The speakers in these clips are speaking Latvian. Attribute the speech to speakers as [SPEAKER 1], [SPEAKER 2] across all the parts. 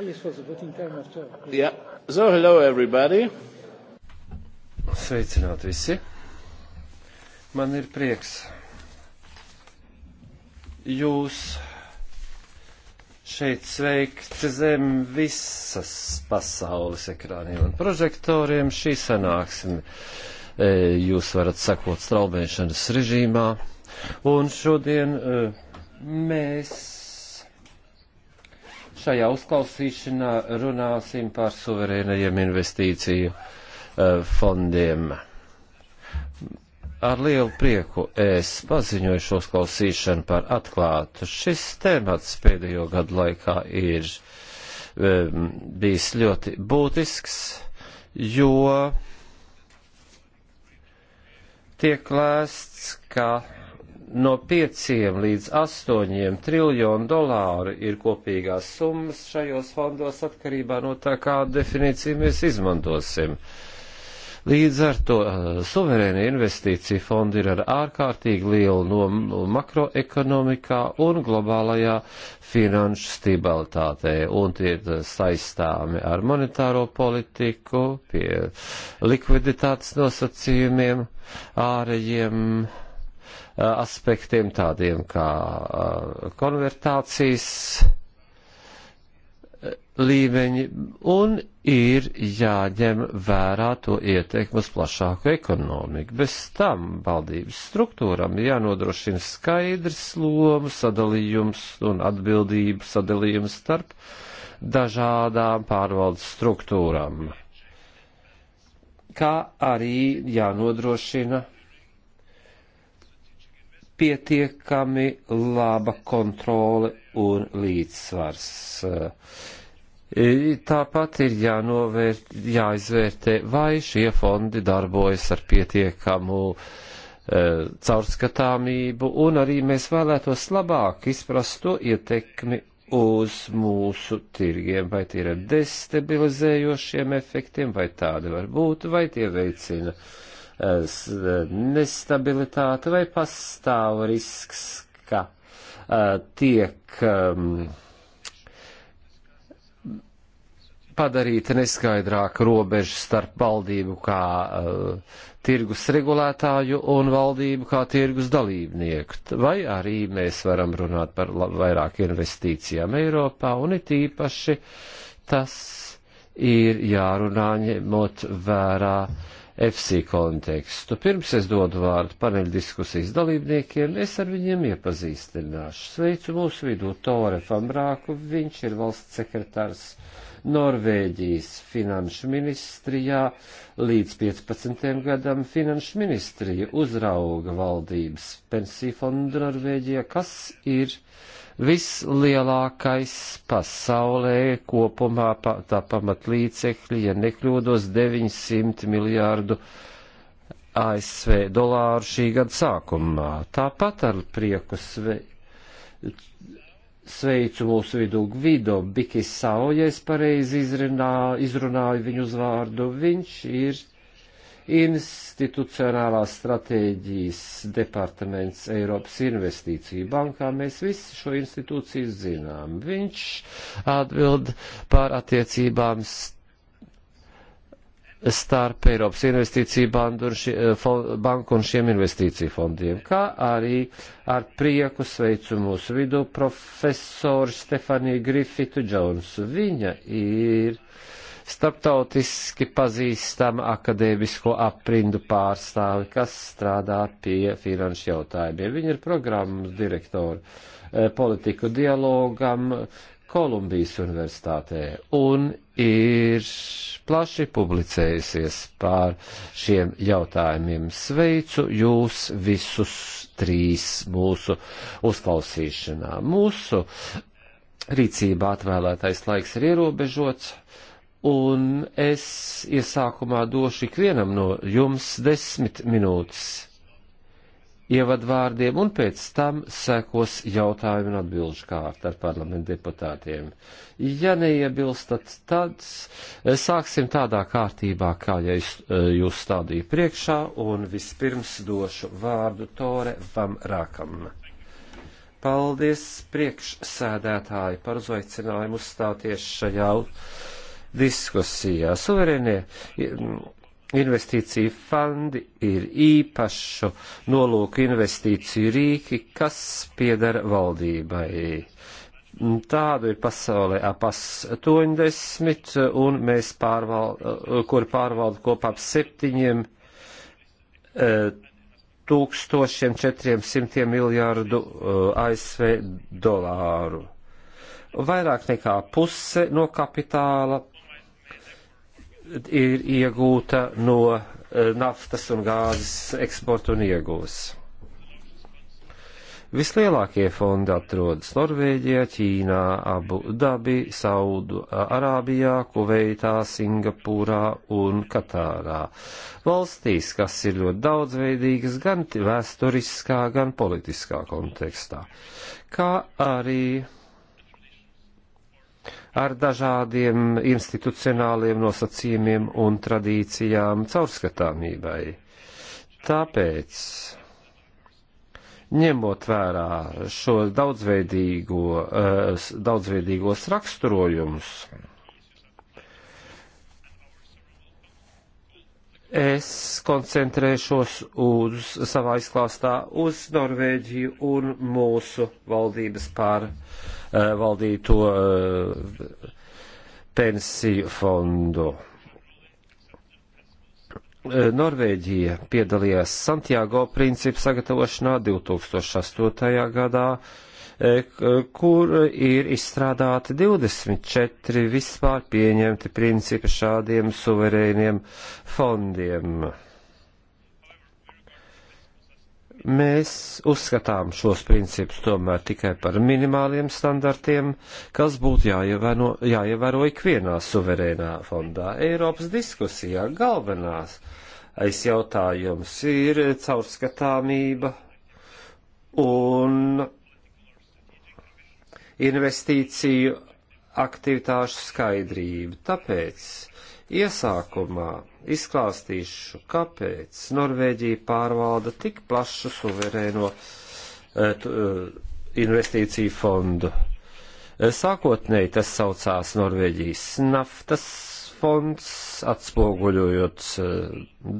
[SPEAKER 1] This was a voting time after. Yeah. So, hello everybody. Sveicināt visi. Man ir prieks jūs šeit sveikt zem visas pasaules ekrāniem un prožektoriem. Šī sanāksme jūs varat sakot straumēšanas režīmā. Un šodien e, mēs šajā uzklausīšanā runāsim par suverēnajiem investīciju eh, fondiem. Ar lielu prieku es paziņoju šo klausīšanu par atklātu. Šis temats pēdējo gadu laikā ir um, bijis ļoti būtisks, jo tiek lēsts, ka no 5 līdz 8 triljonu dolāru ir kopīgās summas šajos fondos atkarībā no tā, kādu definīciju mēs izmantosim. Līdz ar to eh, suverēna investīcija fondi ir ar ārkārtīgi lielu no makroekonomikā un globālajā finanšu stabilitātē, un tie ir saistāmi ar monetāro politiku, pie likviditātes nosacījumiem, ārējiem aspektiem, tādiem kā konvertācijas līmeņi, un ir jāņem vērā to ieteikumu uz plašāku ekonomiku. Bez tam valdības struktūram jānodrošina skaidrs lomu sadalījums un atbildību sadalījums starp dažādām pārvaldes struktūrām, kā arī jānodrošina pietiekami laba kontrole un līdzsvars. E, tāpat ir jānovērt, jāizvērtē, vai šie fondi darbojas ar pietiekamu uh, caurskatāmību, un arī mēs vēlētos labāk izprast to ietekmi uz mūsu tirgiem, vai tie ir destabilizējošiem efektiem, vai tādi var būt, vai tie veicina uh, E, nestabilitāte vai pastāv risks, ka e, tiek padarīta neskaidrāka robeža starp valdību kā uh, tirgus regulētāju un valdību kā tirgus dalībnieku. Vai arī mēs varam runāt par vairāk investīcijām Eiropā un it īpaši tas ir jārunā ņemot vērā uh, FC kontekstu. Pirms es dodu vārdu paneļa diskusijas dalībniekiem, es ar viņiem iepazīstināšu. Sveicu mūsu vidū Tore Fambrāku, viņš ir valsts sekretārs Norvēģijas finanšu ministrijā. Līdz 15. gadam finanšu ministrija uzrauga valdības pensiju fondu Norvēģijā, kas ir vislielākais pasaulē kopumā pa, tā pamatlīdzekļi, ja nekļūdos, 900 miljārdu ASV dolāru šī gada sākumā. Tāpat ar prieku sve, sveicu mūsu vidū Gvido Bikisau, ja es pareizi izrunāju, izrunāju viņu uzvārdu. Viņš ir institucionālās stratēģijas departaments Eiropas investīciju bankā. Mēs visi šo institūciju zinām. Viņš atbild par attiecībām starp Eiropas investīciju bandu un šie, banku un šiem investīciju fondiem, kā arī ar prieku sveicu mūsu vidū profesoru Stefaniju Grifitu Džonsu. Viņa ir uh, starptautiski pazīstama akadēmisko aprindu pārstāvi, kas strādā pie finanšu jautājumiem. Viņa ir programmas direktora eh, politiku dialogam Kolumbijas universitātē un ir plaši publicējusies pār šiem jautājumiem. Sveicu jūs visus trīs mūsu uzklausīšanā. Mūsu rīcībā atvēlētais laiks ir ierobežots un es iesākumā došu ikvienam no jums desmit minūtes ievadvārdiem, un pēc tam sekos jautājumu un atbilžu kārta ar parlamentu deputātiem. Ja neiebilstat, tad eh, sāksim tādā kārtībā, kā ja es eh, jūs stādīju priekšā, un vispirms došu vārdu Tore Vam Rakam. Paldies priekšsēdētāji par uzaicinājumu uzstāties šajā jautājumā diskusijā. Suverēnie investīciju fondi ir īpašu nolūku investīciju rīki, kas piedara valdībai. Tādu ir pasaulē ap 80, un mēs pārvalda, kur pārvalda kopā ap 7 1400 e, miljārdu e, ASV dolāru. Vairāk nekā puse no kapitāla ir iegūta no eh, naftas un gāzes eksporta un iegūs. Vislielākie fondi atrodas Norvēģijā, Ķīnā, Abu Dabi, Saudu eh, Arābijā, Kuveitā, Singapūrā un Katārā. Valstīs, kas ir ļoti daudzveidīgas gan vēsturiskā, gan politiskā kontekstā. Kā arī ar dažādiem institucionāliem nosacījumiem un tradīcijām caurskatāmībai. Tāpēc, ņemot vērā šo daudzveidīgo, eh, daudzveidīgos raksturojumus, es koncentrēšos uz savā izklāstā uz Norvēģiju un mūsu valdības pār uh, Eh, valdīto eh, pensiju fondu. Eh, Norvēģija piedalījās Santiago principu sagatavošanā 2008. gadā, kur ir izstrādāti 24 vispār pieņemti principi šādiem suverēniem fondiem. Mēs uzskatām šos principus tomēr tikai par minimāliem standartiem, kas būtu jāievēro, jāievēro ikvienā suverēnā fondā. Eiropas diskusijā galvenās aiz jautājums ir caurskatāmība un investīciju aktivitāšu skaidrība. Tāpēc Iesākumā izklāstīšu, kāpēc Norvēģija pārvalda tik plašu suverēno eh, eh, investīciju fondu. Eh, sākotnēji tas saucās Norvēģijas naftas fonds, atspoguļojot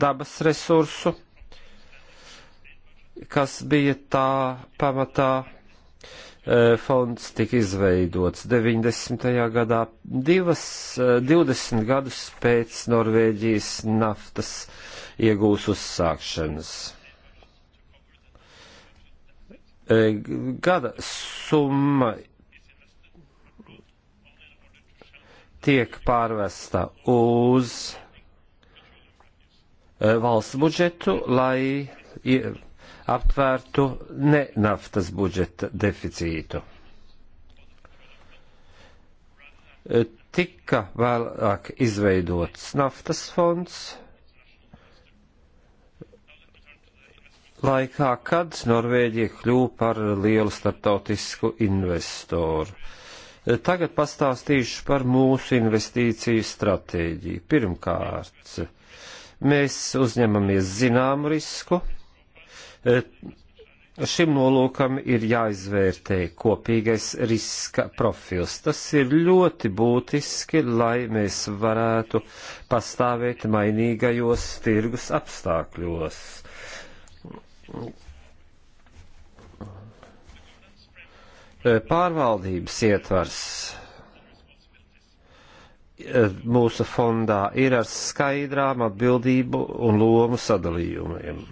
[SPEAKER 1] dabas resursu, kas bija tā pamatā Eh, fonds tika izveidots 90. gadā, divas, 20 eh, gadus pēc Norvēģijas naftas iegūs uzsākšanas. Eh, gada summa tiek pārvesta uz valsts budžetu, lai aptvērtu ne naftas budžeta deficītu. Tika vēlāk izveidots naftas fonds laikā, kad Norvēģija kļūpa par lielu startautisku investoru. Tagad pastāstīšu par mūsu investīciju stratēģiju. Pirmkārt, mēs uzņemamies zināmu risku Eh, šim nolūkam ir jāizvērtē kopīgais riska profils. Tas ir ļoti būtiski, lai mēs varētu pastāvēt mainīgajos tirgus apstākļos. Eh, pārvaldības ietvars eh, mūsu fondā ir ar skaidrām atbildību un lomu sadalījumiem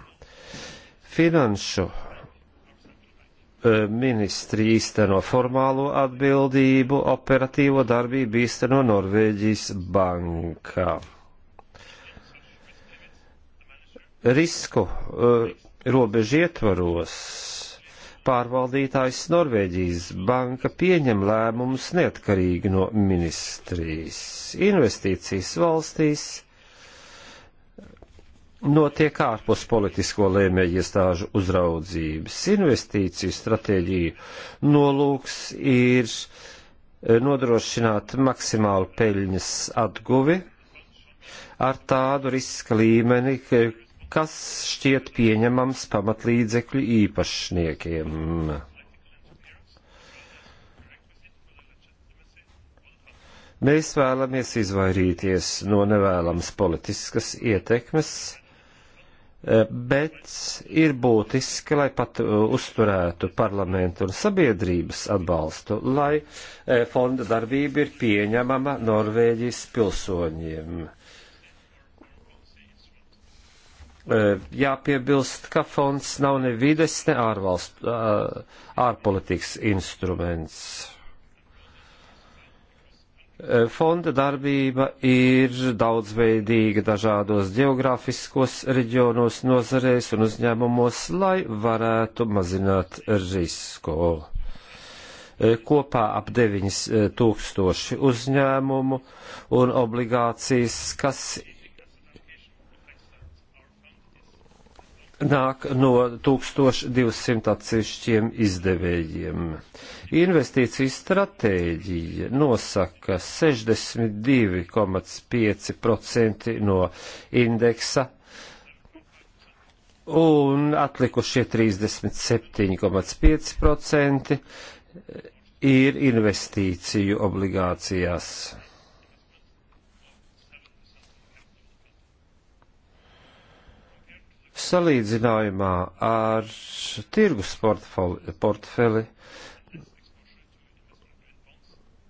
[SPEAKER 1] Finanšu e, ministri īsteno formālo atbildību, operatīvo darbību īsteno Norvēģijas bankā. Risku uh, robežu ietvaros pārvaldītājs Norvēģijas banka pieņem lēmumus neatkarīgi no ministrijas. Investīcijas valstīs notiek ārpus politisko lēmēju iestāžu uzraudzības. Investīciju stratēģiju nolūks ir e, nodrošināt maksimālu peļņas atguvi ar tādu riska līmeni, kas šķiet pieņemams pamatlīdzekļu īpašniekiem. Mēs vēlamies izvairīties no nevēlamas politiskas ietekmes, Eh, bet ir būtiski, lai pat eh, uzturētu parlamentu un sabiedrības atbalstu, lai eh, fonda darbība ir pieņemama Norvēģijas pilsoņiem. Jāpiebilst, ka fonds nav ne vides, ne ārvalstu, ārpolitikas instruments. Eh, fonda darbība ir daudzveidīga dažādos geogrāfiskos reģionos, nozarēs un uzņēmumos, lai varētu mazināt risku. Eh, kopā ap 9000 eh, uzņēmumu un obligācijas, kas nāk no 1200 atsevišķiem izdevējiem. Uh, Investīciju stratēģija nosaka 62,5% no indeksa un atlikušie 37,5% ir investīciju obligācijās. Salīdzinājumā ar tirgus portfeli, portfeli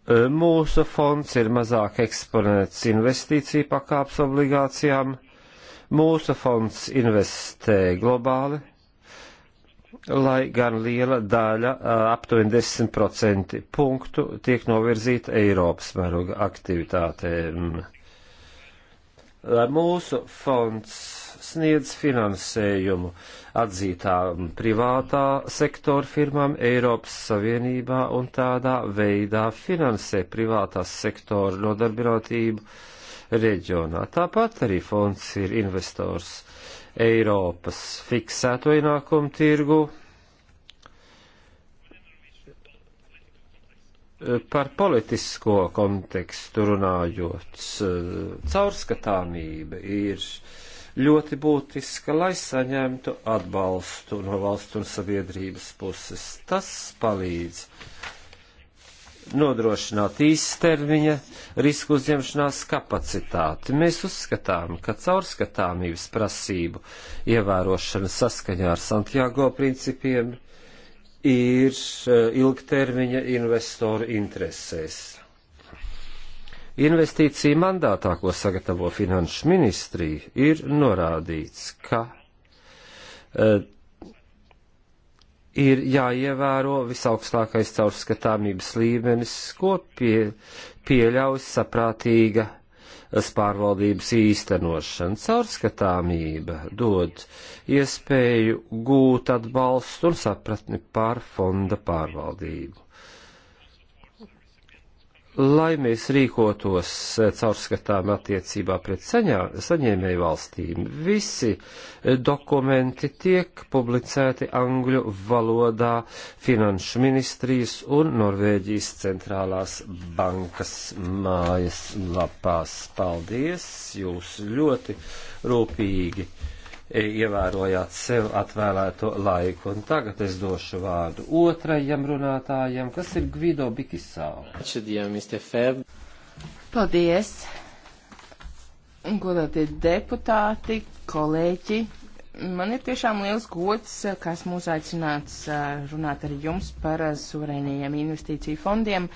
[SPEAKER 1] Mūsu fonds ir mazāk eksponēts investīciju pakāps obligācijām. Mūsu fonds investē globāli, lai gan liela daļa, aptuveni 10% punktu, tiek novirzīta Eiropas mēroga aktivitātēm. Mūsu fonds sniedz finansējumu atzītām privātā sektora firmām Eiropas Savienībā un tādā veidā finansē privātās sektora nodarbinātību reģionā. Tāpat arī fonds ir investors Eiropas fiksēto ienākumu tirgu, par politisko kontekstu runājot, caurskatāmība ir uh, ļoti būtiska, lai saņemtu atbalstu no valsts un sabiedrības puses. Tas palīdz nodrošināt īstermiņa risku uzņemšanās kapacitāti. Mēs uzskatām, ka caurskatāmības prasību ievērošana saskaņā ar Santiago principiem ir eh, ilgtermiņa investoru interesēs Investīcija mandātā, ko sagatavo Finanšu ministrija, ir norādīts, ka uh, ir jāievēro visaugstākais caurskatāmības līmenis, ko pie, pieļauj saprātīga eh, pārvaldības īstenošana. Caurskatāmība dod iespēju gūt atbalstu un sapratni pār fonda pārvaldību lai mēs rīkotos eh, caurskatām attiecībā pret saņā, saņēmēju valstīm, visi eh, dokumenti tiek publicēti angļu valodā Finanšu ministrijas un Norvēģijas centrālās bankas mājas lapās. Paldies! Jūs ļoti rūpīgi ievērojāt sev atvēlēto laiku. Un tagad es došu vārdu otrajam runātājam,
[SPEAKER 2] kas ir Gvido Bikisau. Paldies! Godātie deputāti, kolēģi, man ir tiešām liels gods, kas mūs aicināts runāt ar jums par suverēnajiem investīciju fondiem.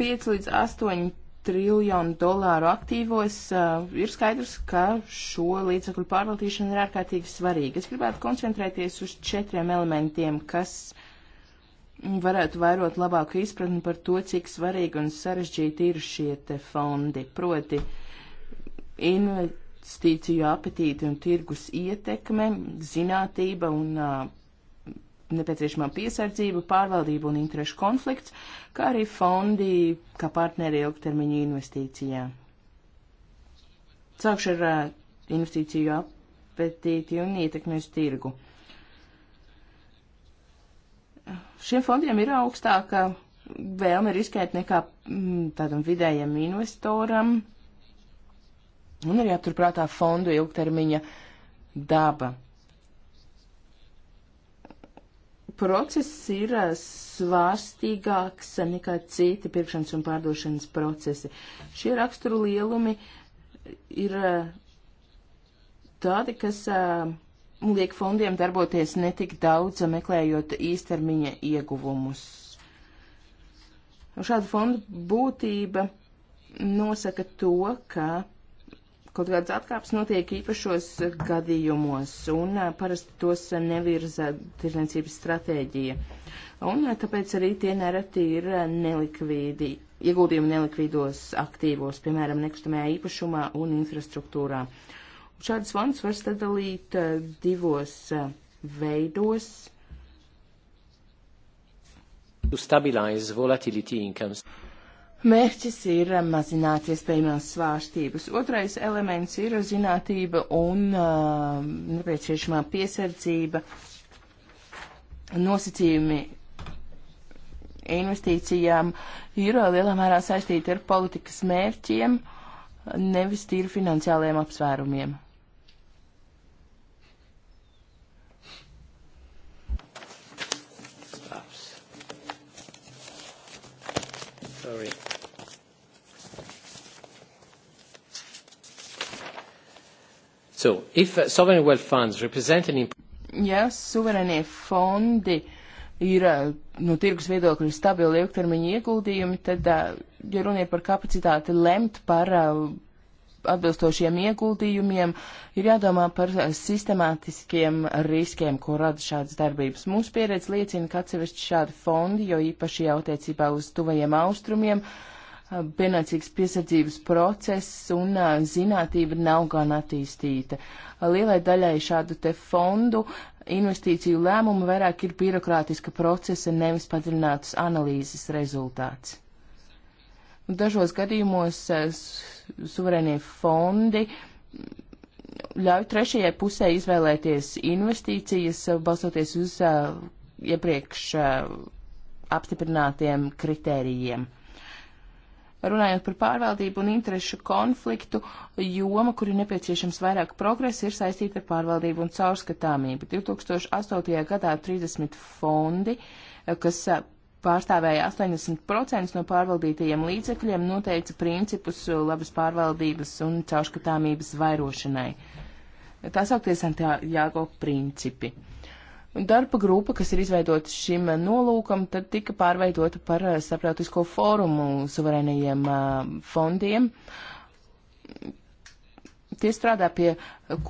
[SPEAKER 2] 5 līdz 8 triljonu dolāru aktīvos, uh, eh, ir skaidrs, ka šo līdzekļu pārvaldīšana ir ārkārtīgi svarīga. Es gribētu koncentrēties uz četriem elementiem, kas varētu vairot labāku izpratni par to, cik svarīgi un sarežģīti ir šie te fondi, proti investīciju apetīti un tirgus ietekme, zinātība un uh, nepieciešamā piesardzība, pārvaldība un interešu konflikts, kā arī fondi kā partneri ilgtermiņa investīcijā. Sākšu ar uh, investīciju apetīti un ietekmi uz tirgu. Šiem fondiem ir augstāka vēlme riskēt nekā mm, tādam vidējam investoram un arī apturprātā fondu ilgtermiņa daba. process ir eh, svārstīgāks nekā citi pirkšanas un pārdošanas procesi. Šie raksturu lielumi ir eh, tādi, kas eh, liek fondiem darboties netik daudz, meklējot īstermiņa ieguvumus. Šāda fonda būtība nosaka to, ka kaut kādas atkāpes notiek īpašos gadījumos, un parasti tos nevirza tirniecības stratēģija. Un tāpēc arī tie nereti ir nelikvīdi, ieguldījumi nelikvīdos aktīvos, piemēram, nekustamajā īpašumā un infrastruktūrā. Un šādas fonds var sadalīt divos veidos.
[SPEAKER 1] To stabilize volatility incomes.
[SPEAKER 2] Mērķis ir mazināt iespējamās svārstības. Otrais elements ir zinātība un uh, nepieciešamā piesardzība, nosacījumi investīcijām ir uh, lielā mērā saistīti ar politikas mērķiem, nevis tīri finansiāliem apsvērumiem.
[SPEAKER 1] So, if uh, sovereign wealth funds represent an
[SPEAKER 2] Ja suverēnie fondi ir uh, no tirgus viedokļa stabili ilgtermiņa ieguldījumi, tad, uh, ja runa ir par kapacitāti lemt par uh, atbilstošiem ieguldījumiem, ir jādomā par sistemātiskiem riskiem, ko rada šādas darbības. Mūsu pieredze liecina, ka atsevišķi šādi fondi, jo īpaši jau attiecībā uz tuvajiem austrumiem, uh, pienācīgs piesardzības process un zinātība nav gan attīstīta. Lielai daļai šādu te fondu investīciju lēmumu vairāk ir birokrātiska procesa nevis padziļinātas analīzes rezultāts. Dažos gadījumos suverēnie fondi ļauj trešajai pusē izvēlēties investīcijas, balstoties uz iepriekš apstiprinātiem kritērijiem runājot par pārvaldību un interešu konfliktu, joma, kur ir nepieciešams vairāk progresa, ir saistīta ar pārvaldību un caurskatāmību. 2008. gadā 30 fondi, eh, kas eh, pārstāvēja 80% no pārvaldītajiem līdzekļiem, noteica principus labas pārvaldības un caurskatāmības vairošanai. Tā saukties Santiago principi. Darba grupa, kas ir izveidota šim nolūkam, tad tika pārveidota par eh, starptautisko fórumu suverēnajiem eh, fondiem. Tie strādā pie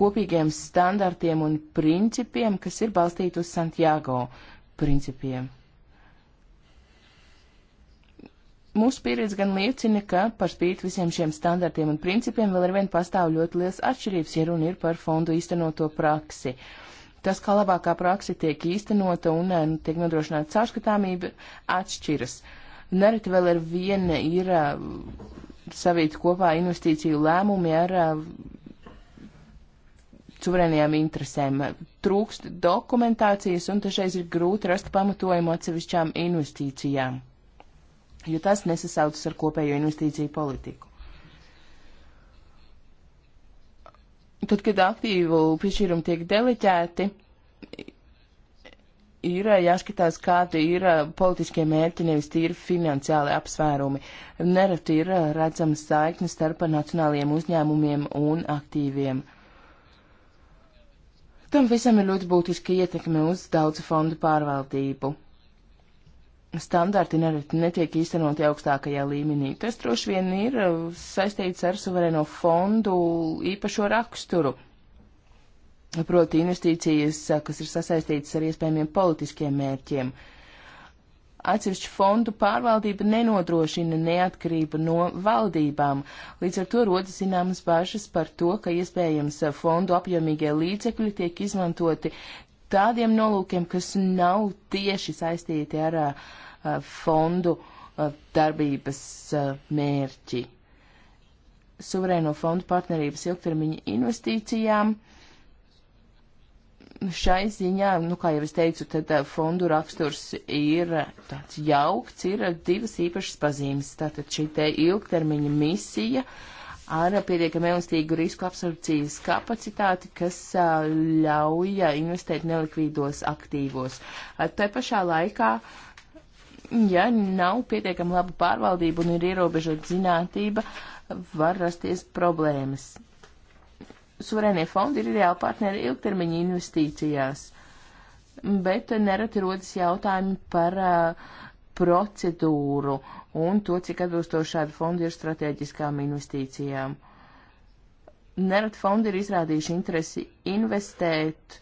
[SPEAKER 2] kopīgiem standartiem un principiem, kas ir balstīti uz Santiago principiem. Mūsu pieredze gan liecina, ka par spīti visiem šiem standartiem un principiem vēl ar vien pastāv ļoti liels atšķirības, ja runa ir par fondu īstenoto praksi. Uh, tas, kā labākā praksa tiek īstenota un eh, nu, tiek nodrošināta caurskatāmība, atšķiras. Nereti vēl ar vienu ir eh, savīt kopā investīciju lēmumi ar eh, suverēnajām interesēm. Trūkst dokumentācijas un tašreiz ir grūti rast pamatojumu atsevišķām investīcijām, jo tas nesasaucas ar kopējo investīciju politiku. Tad, kad aktīvu piešķīrumi tiek deliķēti, ir eh, jāskatās, kādi ir eh, politiskie mērķi, nevis tīri finansiāli apsvērumi. Nereti ir eh, redzamas saiknes starp nacionāliem uzņēmumiem un aktīviem. Tam visam ir ļoti būtiska ietekme uz daudzu fondu pārvaldību standarti netiek īstenoti augstākajā līmenī. Tas droši vien ir uh, saistīts ar suverēno fondu īpašo raksturu. Proti investīcijas, uh, kas ir sasaistītas ar iespējamiem politiskiem mērķiem. Atsevišķu fondu pārvaldība nenodrošina neatkarību no valdībām, līdz ar to rodas zināmas bažas par to, ka iespējams uh, fondu apjomīgie līdzekļi tiek izmantoti tādiem nolūkiem, kas nav tieši saistīti ar a, uh, uh, fondu a, uh, darbības a, mērķi. Suverēno fondu partnerības ilgtermiņa investīcijām. Šai ziņā, nu, kā jau es teicu, tad fondu raksturs ir tāds jaukts, ir divas īpašas pazīmes. Tātad šī te ilgtermiņa misija uh, ar pietiekami elastīgu risku absorpcijas kapacitāti, kas ļauj investēt nelikvīdos aktīvos. Tā pašā laikā, ja nav pietiekami laba pārvaldība un ir ierobežota zinātība, var rasties problēmas. Suverēnie fondi ir reāli partneri ilgtermiņa investīcijās, bet nereti rodas jautājumi par uh, procedūru un to, cik atbilstoši šādi fondi ir strateģiskām investīcijām. Nerad fondi ir izrādījuši interesi investēt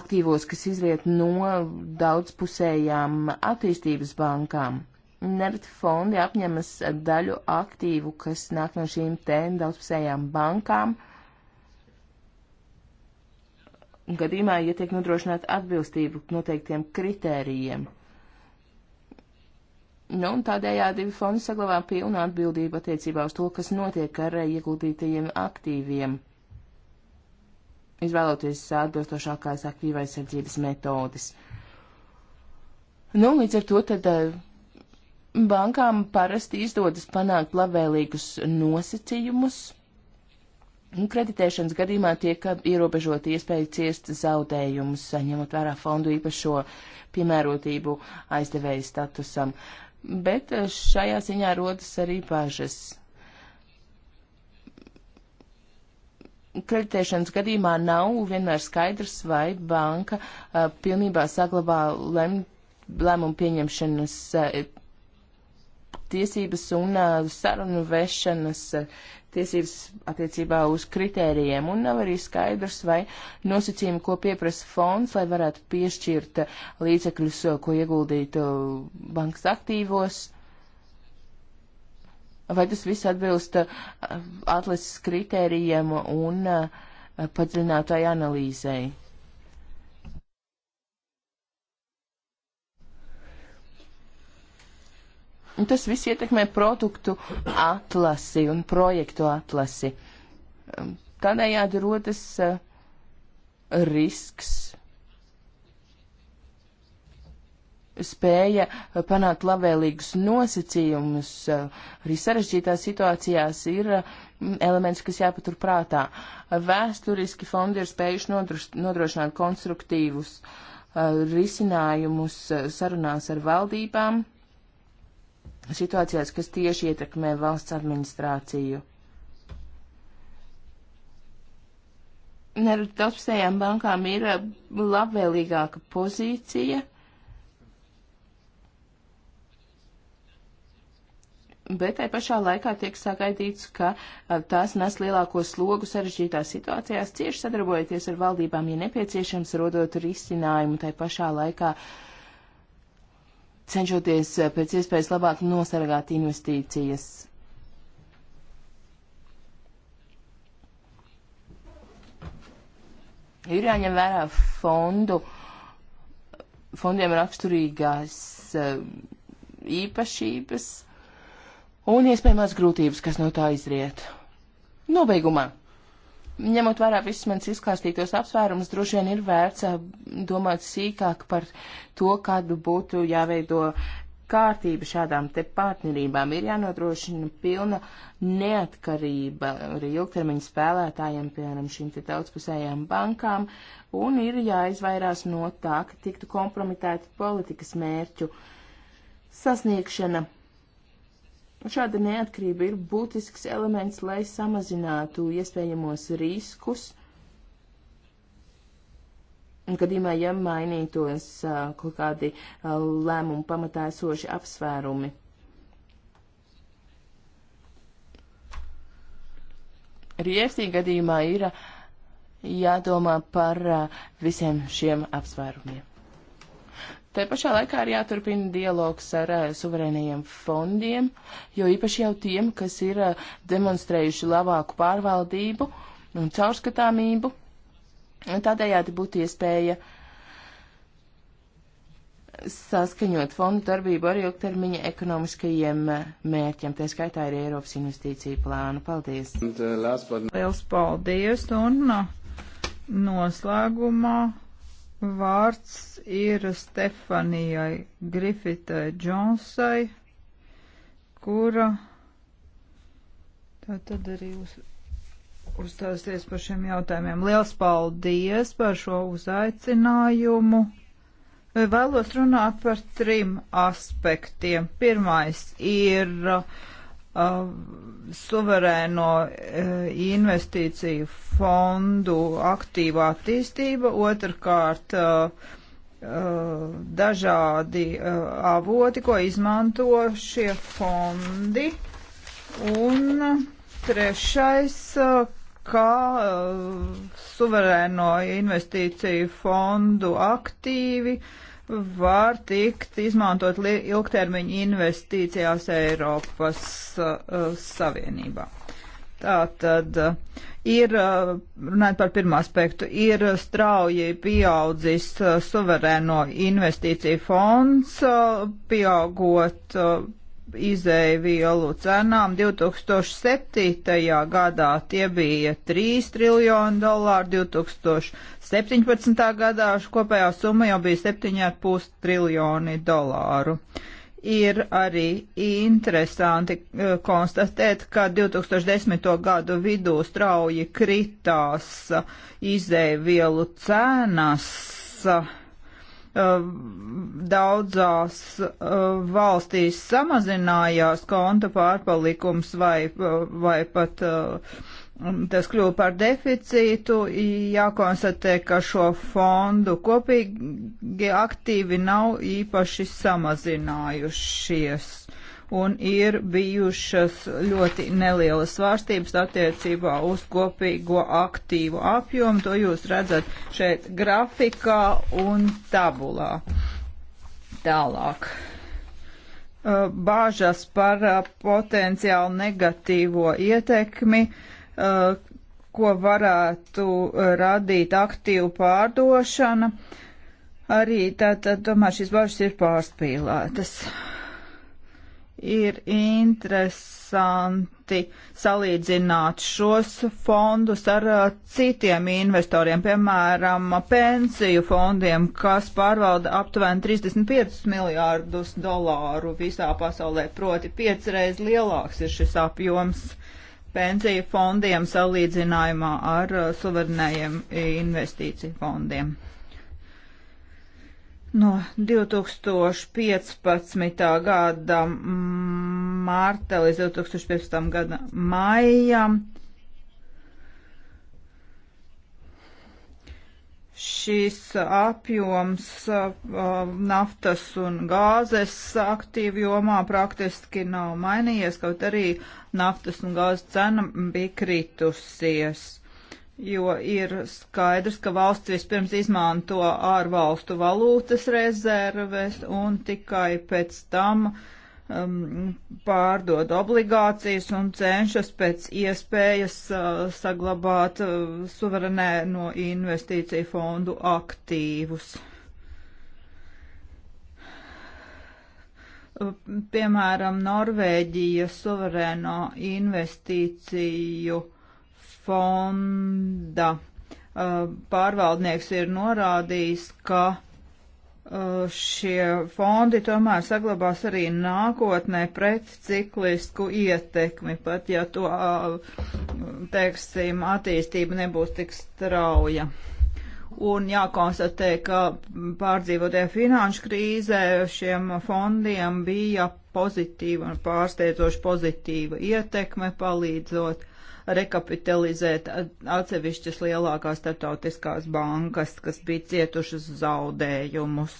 [SPEAKER 2] aktīvos, kas izriet no daudzpusējām attīstības bankām. Nerad fondi apņemas daļu aktīvu, kas nāk no šīm tēm daudzpusējām bankām – gadījumā, ja tiek nodrošināta atbilstība noteiktiem kritērijiem. Nu, un tādējādi fondi saglabā pilnu atbildību attiecībā uz to, kas notiek ar ieguldītajiem aktīviem, izvēloties atbilstošākās aktīvai sardzības metodes. Nu, līdz ar to tad eh, bankām parasti izdodas panākt labvēlīgus nosacījumus Nu, kreditēšanas gadījumā tiek ierobežot iespēja ciest zaudējumus, saņemot vērā fondu īpašo piemērotību aizdevēju statusam. Bet eh, šajā ziņā rodas arī bāžas. Kreditēšanas gadījumā nav vienmēr skaidrs, vai banka a, eh, pilnībā saglabā lem, lēmumu pieņemšanas a, eh, tiesības un uh, sarunu vešanas uh, tiesības attiecībā uz kritērijiem, un nav arī skaidrs, vai nosacījumi, ko pieprasa fonds, lai varētu piešķirt uh, līdzekļus, ko ieguldītu bankas aktīvos, vai tas viss atbilst atlases kritērijiem un padziļinātāju analīzei. Un tas viss ietekmē produktu atlasi un projektu atlasi. Um, tādējādi rodas uh, risks spēja uh, panākt labvēlīgus nosacījumus uh, arī sarežģītās situācijās ir mm, elements, kas jāpatur prātā. Vēsturiski fondi ir spējuši nodrošināt konstruktīvus risinājumus sarunās ar valdībām situācijās, kas tieši ietekmē valsts administrāciju. Nerutopsējām bankām ir eh, labvēlīgāka pozīcija, bet tai pašā laikā tiek sagaidīts, ka eh, tās nes lielāko slogu sarežģītās situācijās, cieši sadarbojoties ar valdībām, ja nepieciešams, rodot risinājumu tai pašā laikā uh, cenšoties eh, pēc iespējas labāk nosargāt investīcijas. Ir jāņem vērā fondu, fondiem raksturīgās eh, īpašības un iespējamās grūtības, kas no tā izriet. Nobeigumā ņemot vērā visus manis izklāstītos apsvērumus, droši vien ir vērts eh, domāt sīkāk par to, kādu būtu jāveido kārtība šādām te partnerībām ir jānodrošina pilna neatkarība arī ilgtermiņa spēlētājiem, piemēram, šīm te daudzpusējām bankām, un ir jāizvairās no tā, ka tiktu kompromitēta politikas mērķu sasniegšana. Šāda neatkarība ir būtisks elements, lai samazinātu iespējamos riskus, gadījumā, ja mainītos kaut kādi lēmumu pamatā esoši apsvērumi. Rieftī gadījumā ir jādomā par visiem šiem apsvērumiem. Te pašā laikā ir jāturpina dialogs ar uh, suverēnajiem fondiem, jo īpaši jau tiem, kas ir uh, demonstrējuši labāku pārvaldību un caurskatāmību, tādējādi būtu iespēja saskaņot fondu darbību ar ilgtermiņa ekonomiskajiem eh, mērķiem. Tā skaitā ir Eiropas investīcija plāna. Paldies! Uh, Liels paldies! Un noslēgumā.
[SPEAKER 3] Vārds ir Stefanijai Grifitai Džonsai, kura tā tad arī uz, uzstāsies par šiem jautājumiem. Liels paldies par šo uzaicinājumu. Vēlos runāt par trim aspektiem. Pirmais ir uh, Uh, suverēno uh, investīciju fondu aktīva attīstība, otrkārt uh, dažādi avoti, ko izmanto šie fondi, un trešais, kā suverēno investīciju fondu aktīvi uh, var tikt izmantot ilgtermiņa investīcijās Eiropas uh, Savienībā. Tā tad uh, ir, uh, runājot par pirmo aspektu, ir strauji pieaudzis uh, suverēno investīciju fonds, pieaugot izēvielu cenām 2007. gadā tie bija 3 triljoni dolāri, 2017. gadā kopējā summa jau bija 7,5 triljoni dolāru. Ir arī interesanti e, konstatēt, ka 2010. gadu vidū strauji kritās e, izēvielu cenas e, Um, daudzās um, valstīs samazinājās konta pārpalikums vai, vai pat um, tas kļūpa par deficītu, jākonstatē, ka šo fondu kopīgi aktīvi nav īpaši samazinājušies un ir bijušas ļoti nelielas svārstības attiecībā uz kopīgo aktīvu apjomu. To jūs redzat šeit grafikā un tabulā. Tālāk bāžas par potenciāli negatīvo ietekmi, ko varētu radīt aktīvu pārdošana. Arī tātad, domāju, šīs bažas ir pārspīlētas ir interesanti salīdzināt šos fondus ar uh, citiem investoriem, piemēram, pensiju fondiem, kas pārvalda aptuveni 35 miljārdus dolāru visā pasaulē, proti piecreiz lielāks ir šis apjoms pensiju fondiem salīdzinājumā ar uh, suverenējiem investīciju fondiem. No 2015. gada mārta līdz 2015. gada maijam šīs apjoms uh, naftas un gāzes aktīvu jomā praktiski nav mainījies, kaut arī naftas un gāzes cena bija kritusies jo ir skaidrs, ka valsts vispirms izmanto ārvalstu valūtas rezerves un tikai pēc tam um, pārdod obligācijas un cenšas pēc iespējas uh, saglabāt uh, suverenē no investīciju fondu aktīvus. Uh, piemēram, Norvēģija suverēno investīciju uh, fonda uh, pārvaldnieks ir norādījis, ka uh, šie fondi tomēr saglabās arī nākotnē pret ciklisku ietekmi, pat ja to, uh, teiksim, attīstība nebūs tik strauja. Un jākonstatē, ka pārdzīvotie finanšu krīzē šiem fondiem bija pozitīva un pārsteidzoši pozitīva ietekme, palīdzot rekapitalizēt atsevišķas lielākās starptautiskās bankas, kas bija cietušas zaudējumus.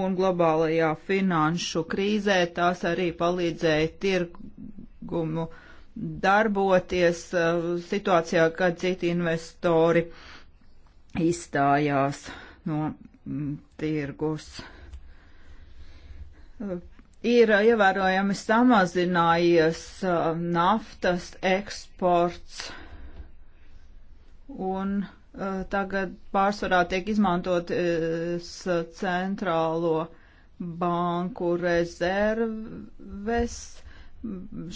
[SPEAKER 3] Un globālajā finanšu krīzē tās arī palīdzēja tirgumu darboties uh, situācijā, kad citi investori izstājās no mm, tirgus. Uh, ir eh, ievērojami samazinājies eh, naftas eksports un eh, tagad pārsvarā tiek izmantotas centrālo banku rezerves.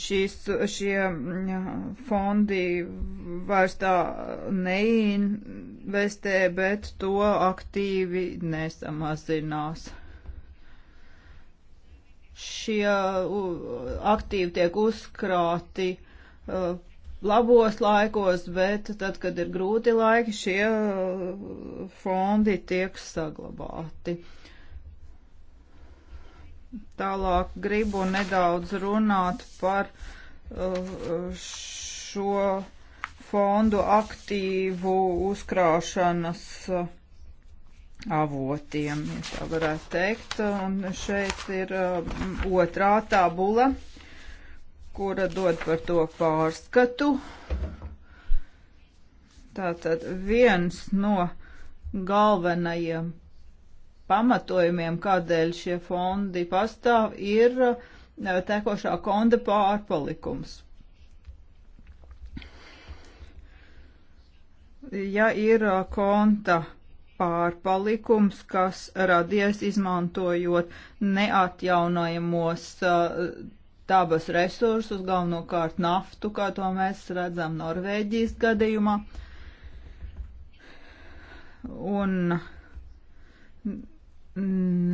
[SPEAKER 3] Šīs, šie mm, fondi vairs tā neinvestē, bet to aktīvi nesamazinās šie aktīvi tiek uzkrāti uh, labos laikos, bet tad, kad ir grūti laiki, šie uh, fondi tiek saglabāti. Tālāk gribu nedaudz runāt par uh, šo fondu aktīvu uzkrāšanas uh, avotiem, ja tā varētu teikt. Un šeit ir um, otrā tabula, kura dod par to pārskatu. Tātad viens no galvenajiem pamatojumiem, kādēļ šie fondi pastāv, ir uh, tekošā konta pārpalikums. Ja ir uh, konta pārpalikums, pārpalikums, kas radies izmantojot neatjaunojamos uh, dabas resursus, galvenokārt naftu, kā to mēs redzam Norvēģijas gadījumā. Un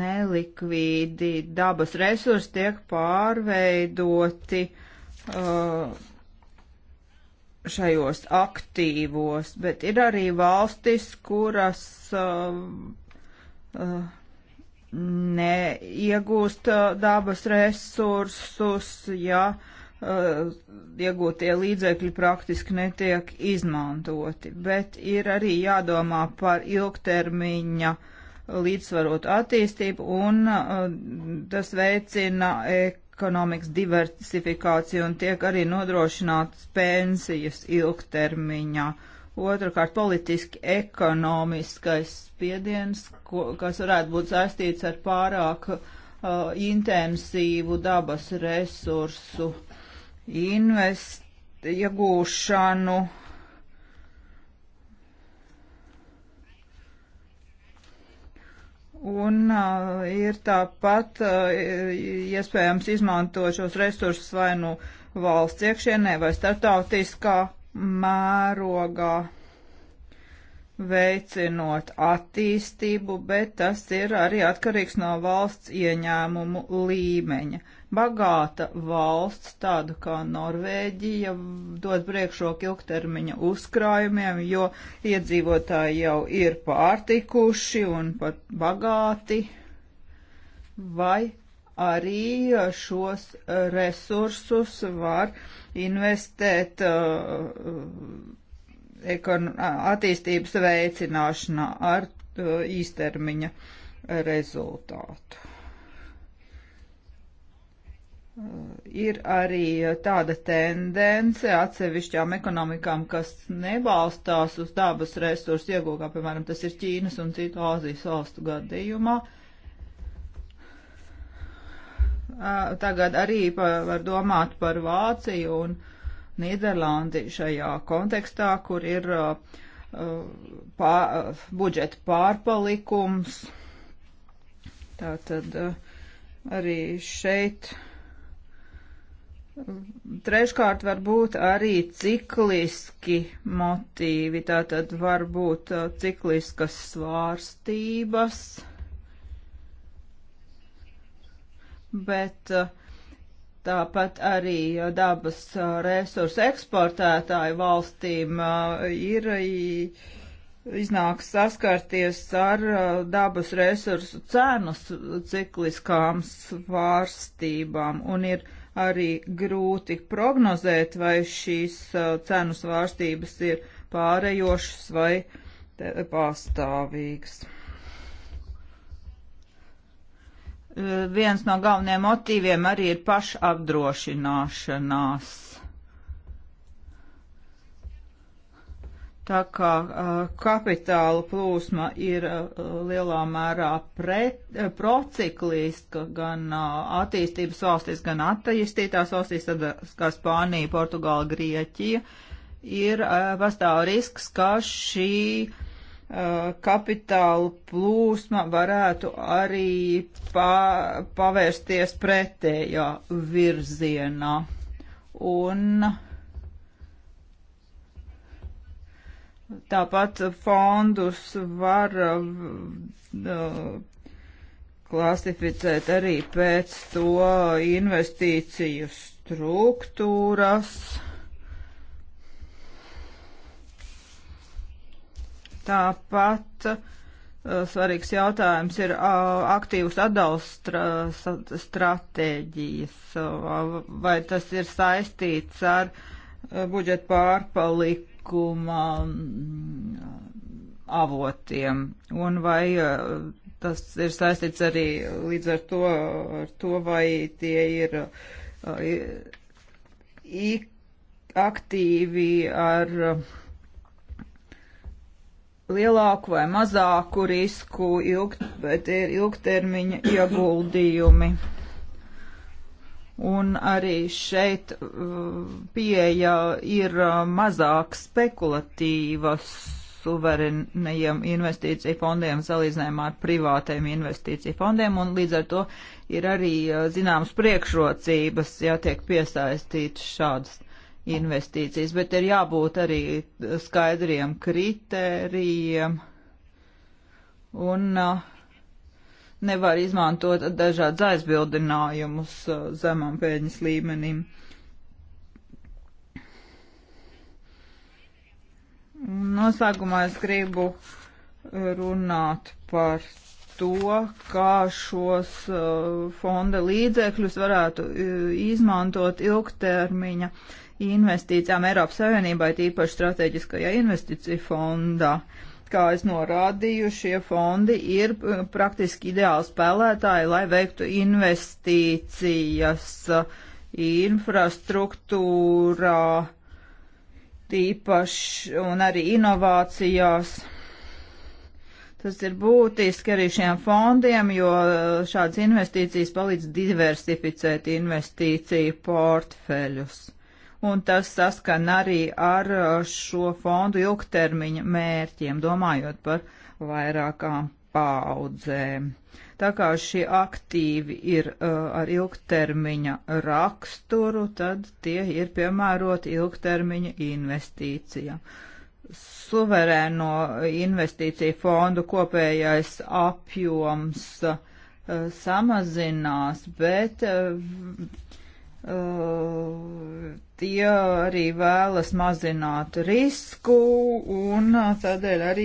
[SPEAKER 3] nelikvīdi dabas resursi tiek pārveidoti uh, šajos aktīvos, bet ir arī valstis, kuras uh, uh, neiegūst uh, dabas resursus, ja uh, iegūtie līdzekļi praktiski netiek izmantoti, bet ir arī jādomā par ilgtermiņa līdzsvarotu attīstību un uh, tas veicina ekonomiku ekonomikas diversifikāciju un tiek arī nodrošinātas pensijas ilgtermiņā. Otrakārt, politiski ekonomiskais spiediens, ko, kas varētu būt saistīts ar pārāk uh, intensīvu dabas resursu invest, iegūšanu. Ja Un uh, ir tāpat uh, iespējams izmantot šos resursus vai nu valsts iekšienē vai startautiskā mērogā, veicinot attīstību, bet tas ir arī atkarīgs no valsts ieņēmumu līmeņa. Bagāta valsts, tāda kā Norvēģija, dod priekšroku ilgtermiņa uzkrājumiem, jo iedzīvotāji jau ir pārtikuši un pat bagāti, vai arī šos resursus var investēt uh, attīstības veicināšanā ar uh, īstermiņa rezultātu. Ir arī eh, tāda tendence atsevišķām ekonomikām, kas nebalstās uz dabas resursu iegūgā, piemēram, tas ir Ķīnas un citu Āzijas valstu gadījumā. Tagad arī var domāt par Vāciju un Nīderlandi šajā kontekstā, kur ir pā, budžeta pārpalikums. Tātad arī šeit Treškārt var būt arī cikliski motīvi, tātad var būt uh, cikliskas svārstības, bet uh, tāpat arī uh, dabas resursu eksportētāju valstīm ir iznāks saskarties ar dabas resursu cenu cikliskām svārstībām un ir arī grūti prognozēt, vai šīs uh, cenu svārstības ir pārējošas vai pastāvīgas. Uh, viens no galvenajiem motīviem arī ir pašapdrošināšanās Tā kā uh, kapitāla plūsma ir uh, lielā mērā pret, uh, procikliska gan attīstības valstīs, gan attīstītās valstīs, tad kā Spānija, Portugāla, Grieķija, ir pastāv risks, ka šī kapitāla plūsma varētu arī pa, pavērsties pretējā virzienā. Un uh, Tāpat fondus var uh, uh, klasificēt arī pēc to investīciju struktūras. Tāpat uh, svarīgs jautājums ir uh, aktīvas atdales stra stratēģijas, uh, vai tas ir saistīts ar uh, budžeta pārpalikumu notikuma mm, avotiem un vai eh, tas ir saistīts arī līdz ar to, ar to vai tie ir eh, aktīvi ar eh, lielāku vai mazāku risku, ilgt, bet ir ilgtermiņa ieguldījumi. Un arī šeit uh, pieeja ir uh, mazāk spekulatīva suverenajiem investīciju fondiem salīdzinājumā ar privātajiem investīciju fondiem, un līdz ar to ir arī uh, zināmas priekšrocības, ja tiek piesaistīts šādas investīcijas, bet ir jābūt arī skaidriem kritērijiem. Un uh, nevar izmantot dažādas aizbildinājumus uh, zemam pēļņas līmenim. Noslēgumā es gribu uh, runāt par to, kā šos uh, fonda līdzekļus varētu izmantot ilgtermiņa investīcijām Eiropas Savienībai, tīpaši strateģiskajā investīcija fondā. Uh, kā es norādīju, šie fondi ir uh, praktiski ideāli spēlētāji, lai veiktu investīcijas uh, infrastruktūrā, tīpaši un arī inovācijās. Tas ir būtiski arī šiem fondiem, jo uh, šādas investīcijas palīdz diversificēt investīciju portfeļus un tas saskan arī ar uh, šo fondu ilgtermiņa mērķiem, domājot par vairākām paudzēm. Tā kā šie aktīvi ir uh, ar ilgtermiņa raksturu, tad tie ir piemēroti ilgtermiņa investīcijām. Suverēno investīciju fondu kopējais apjoms uh, samazinās, bet uh, Eh, tie arī vēlas mazināt risku un eh, tādēļ arī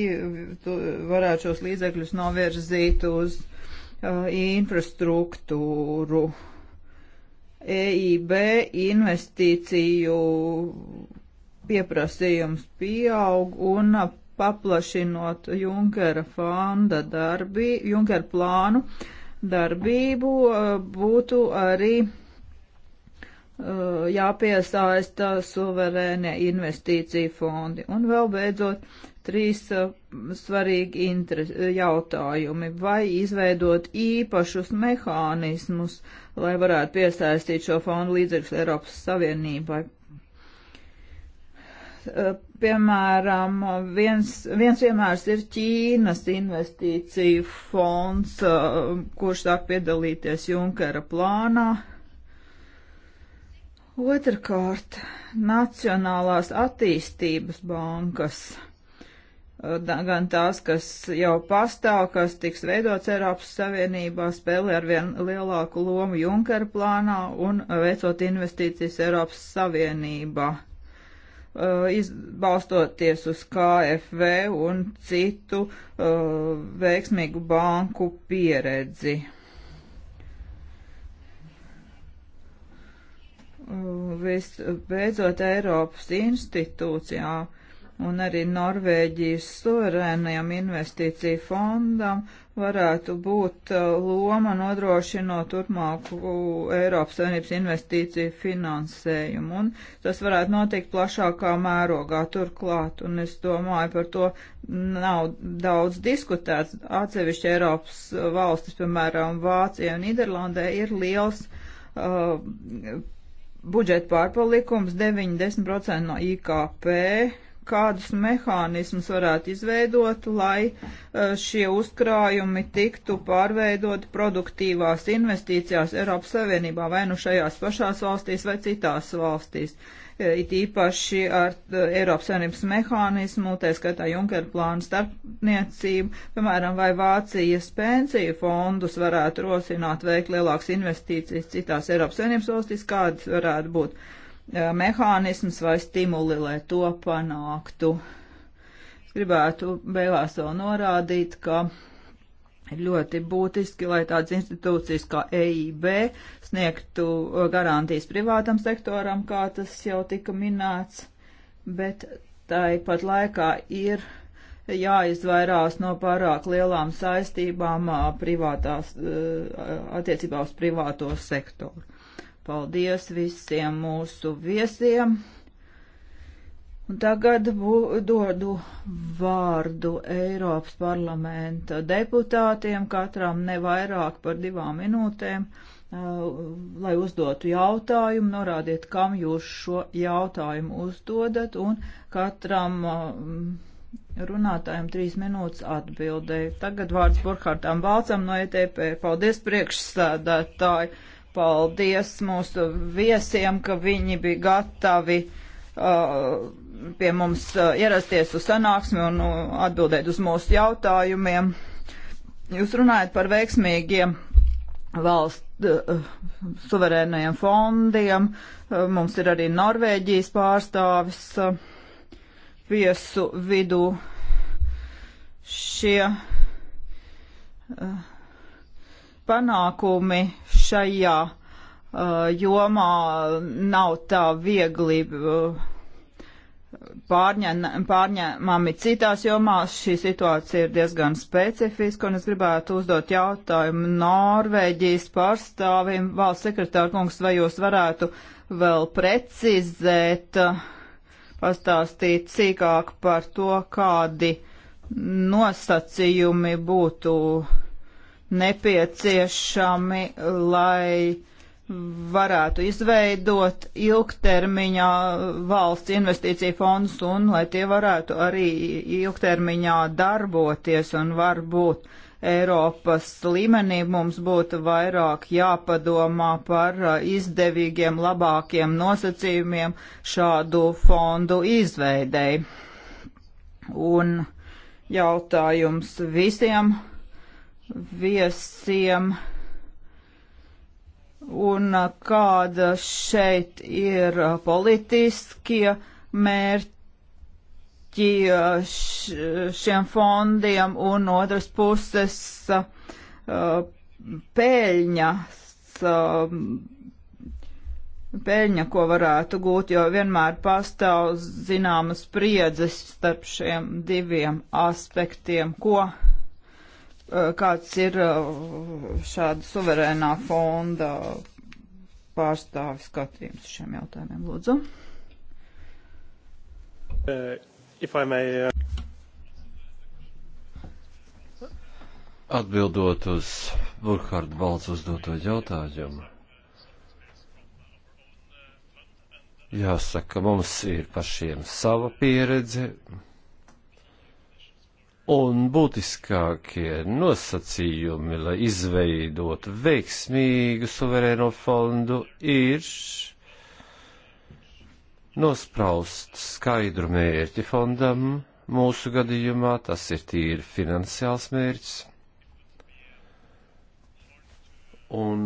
[SPEAKER 3] varētu šos līdzekļus novirzīt uz eh, infrastruktūru. EIB investīciju pieprasījums pieaug un paplašinot Junkera fonda darbību, Junkera plānu darbību būtu arī uh, Uh, jāpiesaista suverēnie investīcija fondi. Un vēl beidzot, trīs uh, svarīgi interes, jautājumi. Vai izveidot īpašus mehānismus, lai varētu piesaistīt šo fondu līdzekļus Eiropas Savienībai? Uh, piemēram, viens, viens piemērs ir Ķīnas investīciju fonds, kurš sāk piedalīties Junkera plānā Otrakārt, Nacionālās attīstības bankas, gan tās, kas jau pastāv, kas tiks veidots Eiropas Savienībā, spēlē ar vien lielāku lomu Junkera plānā un veicot investīcijas Eiropas Savienībā, izbalstoties uz KFV un citu veiksmīgu banku pieredzi. visbeidzot Eiropas institūcijām un arī Norvēģijas suverēnajam investīciju fondam varētu būt uh, loma nodrošinot turpmāku Eiropas Savienības investīciju finansējumu. Un tas varētu notikt plašākā mērogā turklāt, un es domāju, par to nav daudz diskutēts. Atsevišķi Eiropas valstis, piemēram, Vācija un Niderlandē, ir liels uh, budžeta pārpalikums 90% no IKP, kādus mehānismus varētu izveidot, lai e, šie uzkrājumi tiktu pārveidot produktīvās investīcijās Eiropas Savienībā vai nu šajās pašās valstīs vai citās valstīs. Uh, it īpaši ar eh, Eiropas Savienības mehānismu, tā skatā Junkera plānu starpniecību, piemēram, vai Vācijas pensiju fondus varētu rosināt veikt lielākas investīcijas citās Eiropas Savienības valstīs, kādas varētu būt eh, mehānisms vai stimuli, lai to panāktu. Es gribētu beigās vēl norādīt, ka Ir ļoti būtiski, lai tādas institūcijas kā EIB sniegtu uh, garantijas privātam sektoram, kā tas jau tika minēts, bet tāpat laikā ir jāizvairās no pārāk lielām saistībām uh, privātās, uh, attiecībā uz privāto sektoru. Paldies visiem mūsu viesiem! Un tagad dodu vārdu Eiropas parlamenta deputātiem, katram ne vairāk par divām minūtēm, uh, lai uzdotu jautājumu, norādiet, kam jūs šo jautājumu uzdodat, un katram uh, runātājam trīs minūtes atbildēja. Tagad vārds Burkhārtām Balcam no ETP. Paldies priekšsēdētāji, paldies mūsu viesiem, ka viņi bija gatavi. Uh, pie mums ierasties uz sanāksmi un nu, atbildēt uz mūsu jautājumiem. Jūs runājat par veiksmīgiem valsts suverēnajiem fondiem. Mums ir arī Norvēģijas pārstāvis viesu vidū. Šie panākumi šajā jomā nav tā viegli uh, pārņem, pārņemami citās jomās. Šī situācija ir diezgan specifiska, un es gribētu uzdot jautājumu Norvēģijas pārstāvim. Valsts sekretāra kungs, vai jūs varētu vēl precizēt, pastāstīt cīkāk par to, kādi nosacījumi būtu nepieciešami, lai varētu izveidot ilgtermiņā valsts investīcija fondus un lai tie varētu arī ilgtermiņā darboties un varbūt Eiropas līmenī mums būtu vairāk jāpadomā par izdevīgiem, labākiem nosacījumiem šādu fondu izveidei. Un jautājums visiem viesiem un kāda šeit ir politiskie mērķi šiem fondiem un otras puses peļņas, peļņa, ko varētu gūt, jo vienmēr pastāv zināmas priedzes starp šiem diviem aspektiem, ko Eh, kāds ir eh, šāda suverēnā fonda pārstāvis skatījums šiem jautājumiem, lūdzu.
[SPEAKER 1] Uh, may, uh... Atbildot uz Burkhārda Balts uzdoto jautājumu, jāsaka, mums ir pašiem sava pieredze, un būtiskākie nosacījumi, lai izveidotu veiksmīgu suverēno fondu, ir nospraust skaidru mērķi fondam, mūsu gadījumā tas ir tīri finansiāls mērķis, un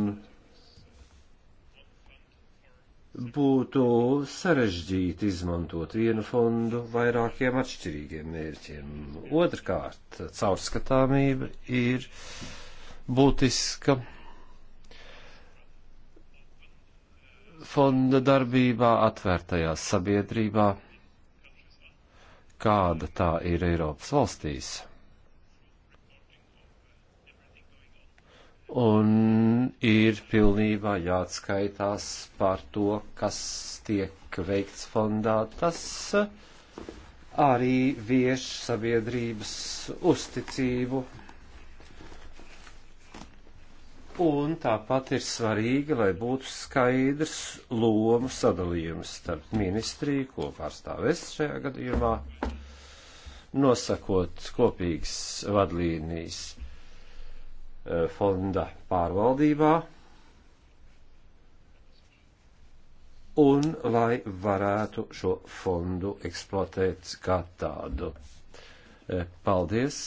[SPEAKER 1] būtu sarežģīti izmantot vienu fondu vairākiem atšķirīgiem mērķiem. Otrkārt, caurskatāmība ir būtiska fonda darbībā, atvērtajā sabiedrībā, kāda tā ir Eiropas valstīs. un ir pilnībā jāatskaitās par to, kas tiek veikts fondā. Tas arī vieš sabiedrības uzticību. Un tāpat ir svarīgi, lai būtu skaidrs lomu sadalījums starp ministriju, ko pārstāv es šajā gadījumā, nosakot kopīgas vadlīnijas Eh, fonda pārvaldībā un lai varētu šo fondu eksploatēt kā tādu. Eh, paldies!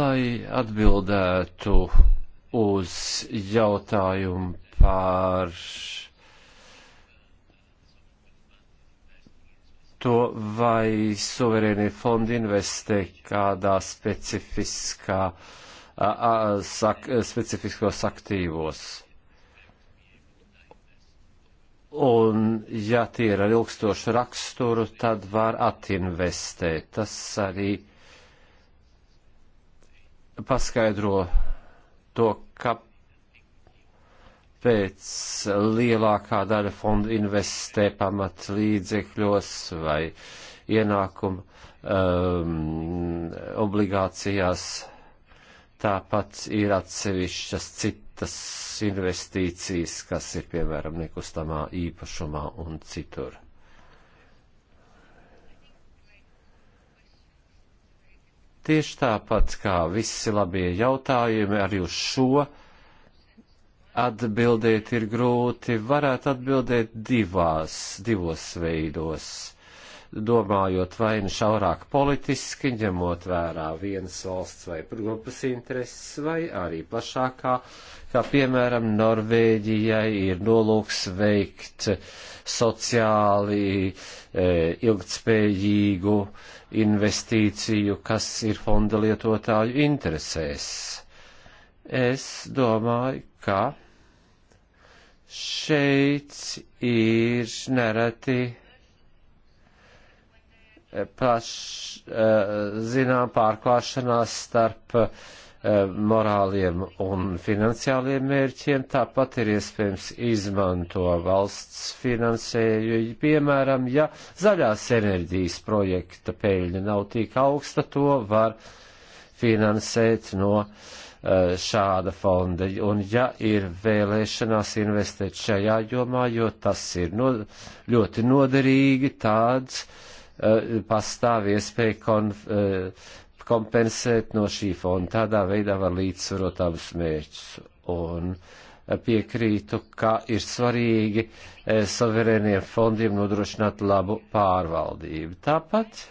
[SPEAKER 1] Lai atbildētu uz jautājumu par to, vai suverēnie fondi investē kādā specifiskā, a, a, sak, specifiskos aktīvos. Un, ja tie ir ar ilgstošu raksturu, tad var atinvestēt. Tas arī paskaidro to, ka pēc lielākā daļa fondu investē pamat līdzekļos vai ienākumu um, obligācijās. Tāpat ir atsevišķas citas investīcijas, kas ir piemēram nekustamā īpašumā un citur. Tieši tāpat kā visi labie jautājumi, arī uz šo uh, atbildēt ir grūti, varētu atbildēt divās, divos veidos domājot vai nu šaurāk politiski, ņemot vērā vienas valsts vai grupas intereses, vai arī plašākā, kā piemēram Norvēģijai ir nolūks veikt sociāli e, ilgtspējīgu investīciju, kas ir fonda lietotāju interesēs. Es domāju, ka šeit ir nereti eh, plaš, eh, zinām pārklāšanās starp eh, morāliem un finansiāliem mērķiem, tāpat ir iespējams izmanto valsts finansēju, piemēram, ja zaļās enerģijas projekta peļņa nav tik augsta, to var finansēt no uh, Eh, šāda fonda. Un ja ir vēlēšanās investēt šajā jomā, jo tas ir no, ļoti noderīgi, tāds uh, pastāv iespēja konf, uh, kompensēt no šī fonda. Tādā veidā var līdzsvarot abus mērķus. Un piekrītu, ka ir svarīgi uh, suverēniem fondiem nodrošināt labu pārvaldību. Tāpat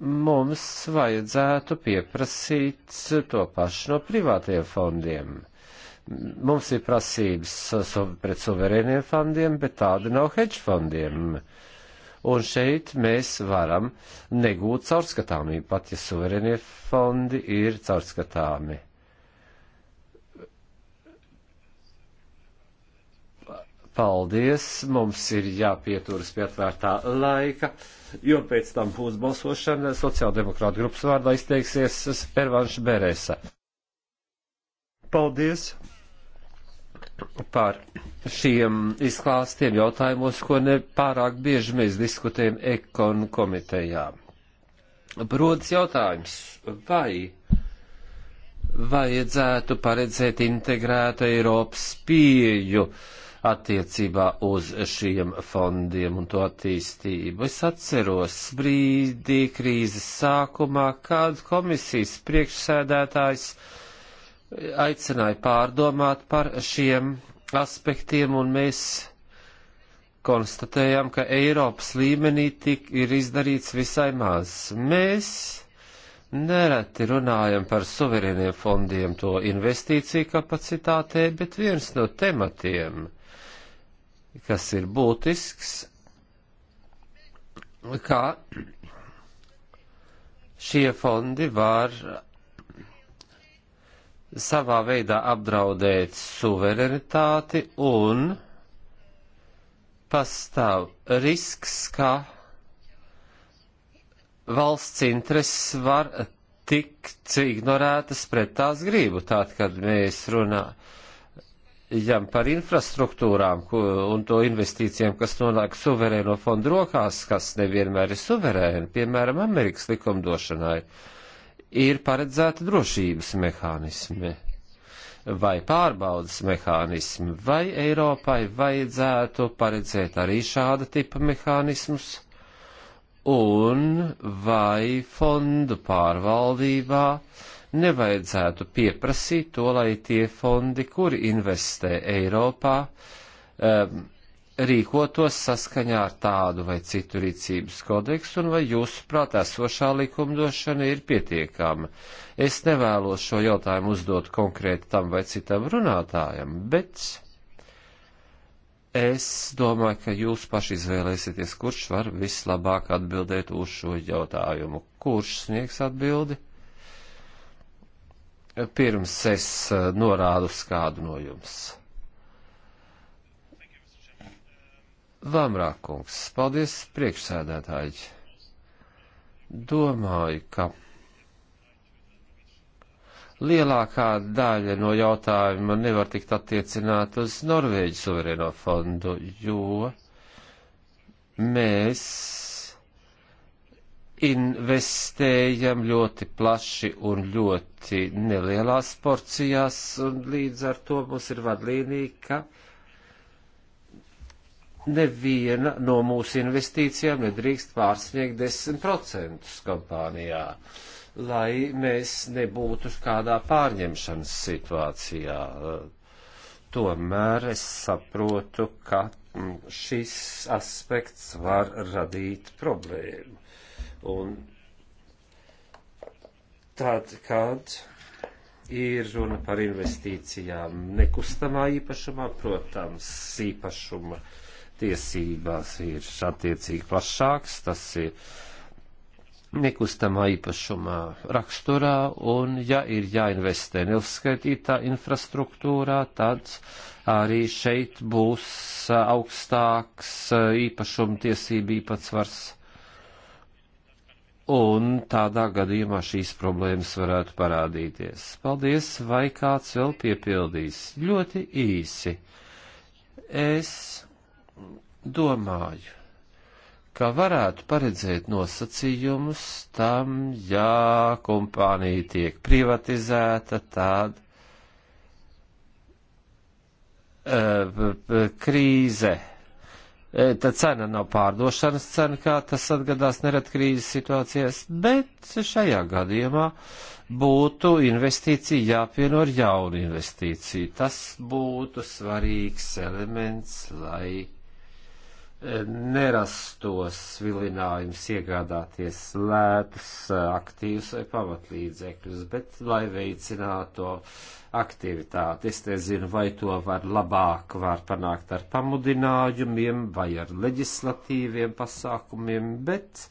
[SPEAKER 1] mums vajadzētu pieprasīt to pašu no privātiem fondiem. Mums ir prasības pret suverēniem fondiem, bet tāda nav hedge fondiem. Un šeit mēs varam negūt caurskatāmību, pat ja suverēnie fondi ir caurskatāmi. Paldies! Mums ir jāpieturas pie atvērtā laika, jo pēc tam būs balsošana. Sociāldemokrāta grupas vārdā izteiksies Pervanš Beresa. Paldies par šiem izklāstiem jautājumos, ko nepārāk bieži mēs diskutējam ekonu komitejā. Brodas jautājums, vai vajadzētu paredzēt integrētu Eiropas pieju? Uh, attiecībā uz šiem fondiem un to attīstību. Es atceros brīdī krīzes sākumā, kad komisijas priekšsēdētājs aicināja pārdomāt par šiem aspektiem, un mēs konstatējām, ka Eiropas līmenī tik ir izdarīts visai maz. Mēs Nereti runājam par suverēniem fondiem to investīciju kapacitātē, bet viens no tematiem, kas ir būtisks, kā šie fondi var savā veidā apdraudēt suverenitāti un pastāv risks, ka valsts intereses var tikt ignorētas pret tās gribu. Tātad, kad mēs runājam jām par infrastruktūrām un to investīcijām, kas nonāk suverēno fondu rokās, kas nevienmēr ir suverēni, piemēram, Amerikas likumdošanai, ir paredzēta drošības mehānismi vai pārbaudas mehānismi, vai Eiropai vajadzētu paredzēt arī šāda tipa mehānismus, un vai fondu pārvaldībā uh, nevajadzētu pieprasīt to, lai tie fondi, kuri investē Eiropā, um, rīkotos saskaņā ar tādu vai citu rīcības kodeksu, un vai jūsuprāt esošā likumdošana ir pietiekama. Es nevēlos šo jautājumu uzdot konkrēti tam vai citam runātājam, bet es domāju, ka jūs paši izvēlēsieties, kurš var vislabāk atbildēt uz šo jautājumu. Kurš sniegs atbildi? pirms es eh, norādu uz kādu no jums. Vamrākungs, paldies priekšsēdētāji. Domāju, ka lielākā daļa no jautājuma nevar tikt attiecināt uz Norvēģu suverēno fondu, jo mēs investējam ļoti plaši un ļoti nelielās porcijās, un līdz ar to mums ir vadlīnija, ka neviena no mūsu investīcijām nedrīkst pārsniegt 10% kompānijā, lai mēs nebūtu kādā pārņemšanas situācijā. Tomēr es saprotu, ka šis aspekts var radīt problēmu Un tad, kad ir runa par investīcijām nekustamā īpašumā, protams, īpašuma tiesībās ir attiecīgi plašāks, tas ir nekustamā īpašumā raksturā, un ja ir jāinvestē neuzskaitītā infrastruktūrā, tad arī šeit būs augstāks īpašuma tiesība īpatsvars un tādā gadījumā šīs problēmas varētu parādīties. Paldies, vai kāds vēl piepildīs? Ļoti īsi. Es domāju, ka varētu paredzēt nosacījumus tam, ja kompānija tiek privatizēta, tad uh, krīze E, tad cena nav pārdošanas cena, kā tas atgadās nerad krīzes situācijās, bet šajā gadījumā būtu investīcija jāpieno ar jaunu investīciju. Tas būtu svarīgs elements, lai nerastos vilinājums iegādāties lētus aktīvus vai pamatlīdzekļus, bet lai veicinātu aktivitāti. Es nezinu, vai to var labāk var panākt ar pamudinājumiem vai ar leģislatīviem pasākumiem, bet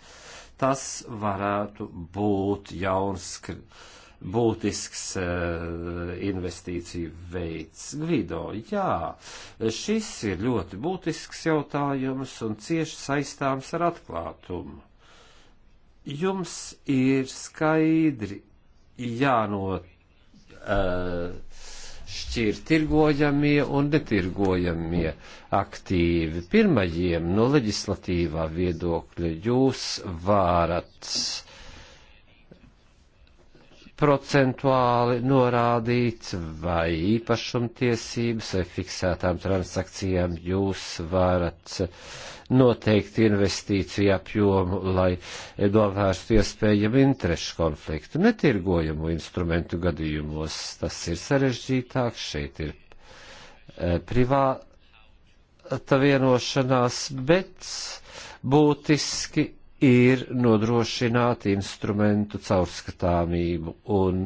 [SPEAKER 1] tas varētu būt jauns skrits būtisks eh, investīciju veids. Gvido, jā, šis ir ļoti būtisks jautājums un cieši saistāms ar atklātumu. Jums ir skaidri jānot. Uh, eh, šķir tirgojamie un netirgojamie aktīvi. Pirmajiem no leģislatīvā viedokļa jūs varat uh, procentuāli norādīts vai īpašumtiesības vai fiksētām transakcijām jūs varat noteikt investīciju apjomu, lai novērstu iespējamu interešu konfliktu. Netirgojamu instrumentu gadījumos tas ir sarežģītāk, šeit ir e, privāta vienošanās, bet būtiski ir nodrošināt instrumentu caurskatāmību un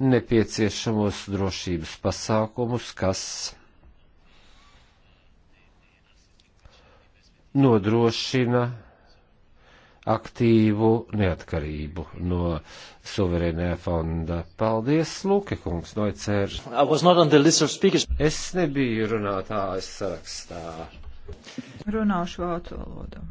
[SPEAKER 1] nepieciešamos drošības pasākumus, kas nodrošina aktīvu neatkarību no suverēnē fonda. Paldies, Lūke kungs, no ECR. Es nebiju runātājs sarakstā.
[SPEAKER 3] Runāšu vācu valodu.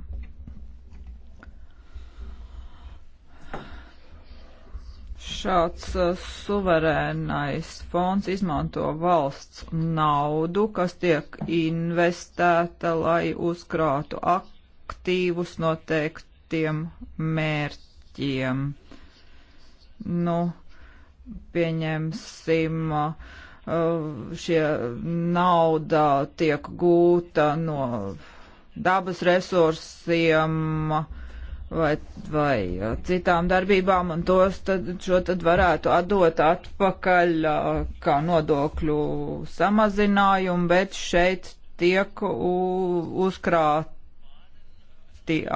[SPEAKER 3] Šāds uh, suverēnais fonds izmanto valsts naudu, kas tiek investēta, lai uzkrātu aktīvus noteiktiem mērķiem. Nu, pieņemsim, uh, šie nauda tiek gūta no dabas resursiem, uh, vai, vai uh, citām darbībām, un tos tad, šo tad varētu atdot atpakaļ uh, kā nodokļu samazinājumu, bet šeit tiek uzkrāti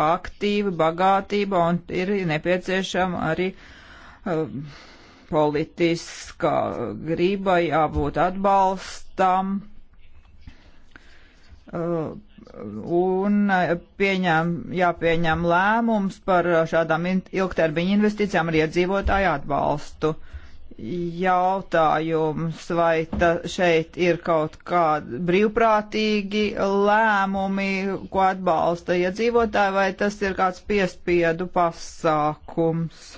[SPEAKER 3] aktīvi bagātība un ir nepieciešama arī um, politiskā griba jābūt atbalstam. Uh, un eh, pieņem, jāpieņem lēmums par eh, šādām ilgtermiņa investīcijām ar iedzīvotāju atbalstu. Jautājums, vai ta, šeit ir kaut kādi brīvprātīgi lēmumi, ko atbalsta iedzīvotāji, vai tas ir kāds piespiedu pasākums?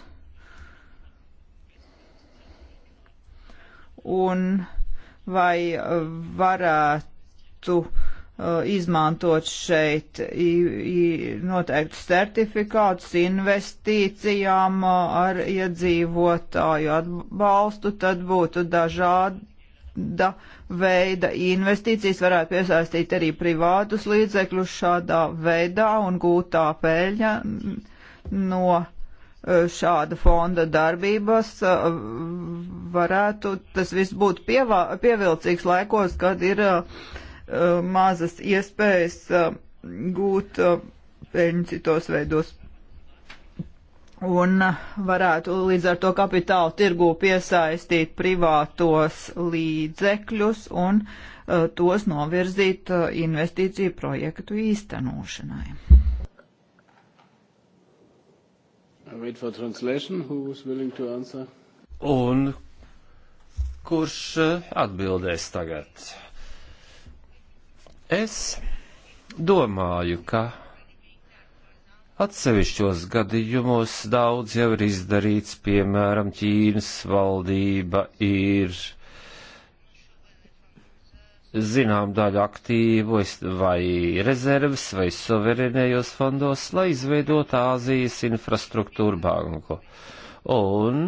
[SPEAKER 3] Un vai eh, varētu uh, Uh, izmantot šeit noteiktus certifikātus investīcijām uh, ar iedzīvotāju atbalstu, tad būtu dažāda veida investīcijas, varētu piesaistīt arī privātus līdzekļus šādā veidā un gūtā peļņa no uh, šāda fonda darbības varētu, tas viss būtu pievilcīgs laikos, kad ir uh, Uh, mazas iespējas uh, gūt uh, peļņu citos veidos un varētu līdz ar to kapitālu tirgu piesaistīt privātos līdzekļus un uh, tos novirzīt uh, investīciju projektu īstenošanai.
[SPEAKER 1] Un kurš atbildēs tagad? Es domāju, ka atsevišķos gadījumos daudz jau ir izdarīts, piemēram, Ķīnas valdība ir zinām daļu aktīvu vai rezerves vai suverenējos fondos, lai izveidot Āzijas infrastruktūru banku. Un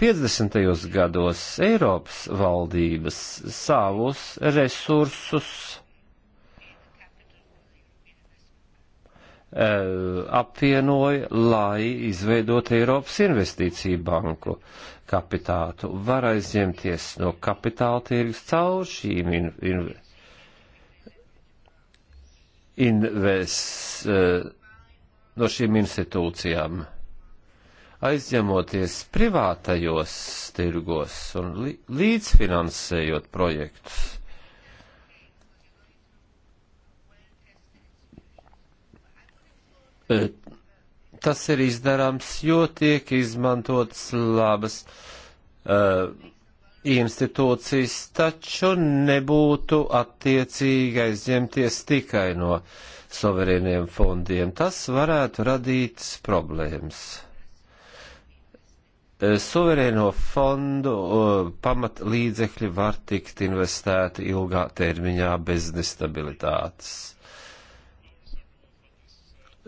[SPEAKER 1] 50. gados Eiropas valdības savus resursus Eh, apvienoja, lai izveidot Eiropas investīciju banku kapitātu. Var aizņemties no kapitāla tirgus caur šīm in, in, invest, eh, no šīm institūcijām, aizņemoties privātajos tirgos un līdzfinansējot projektus tas ir izdarāms, jo tiek izmantotas labas uh, institūcijas, taču nebūtu attiecīgi aizņemties tikai no suverēniem fondiem. Tas varētu radīt problēmas. Eh, Suverēno fondu uh, pamatlīdzekļi var tikt investēti ilgā termiņā bez nestabilitātes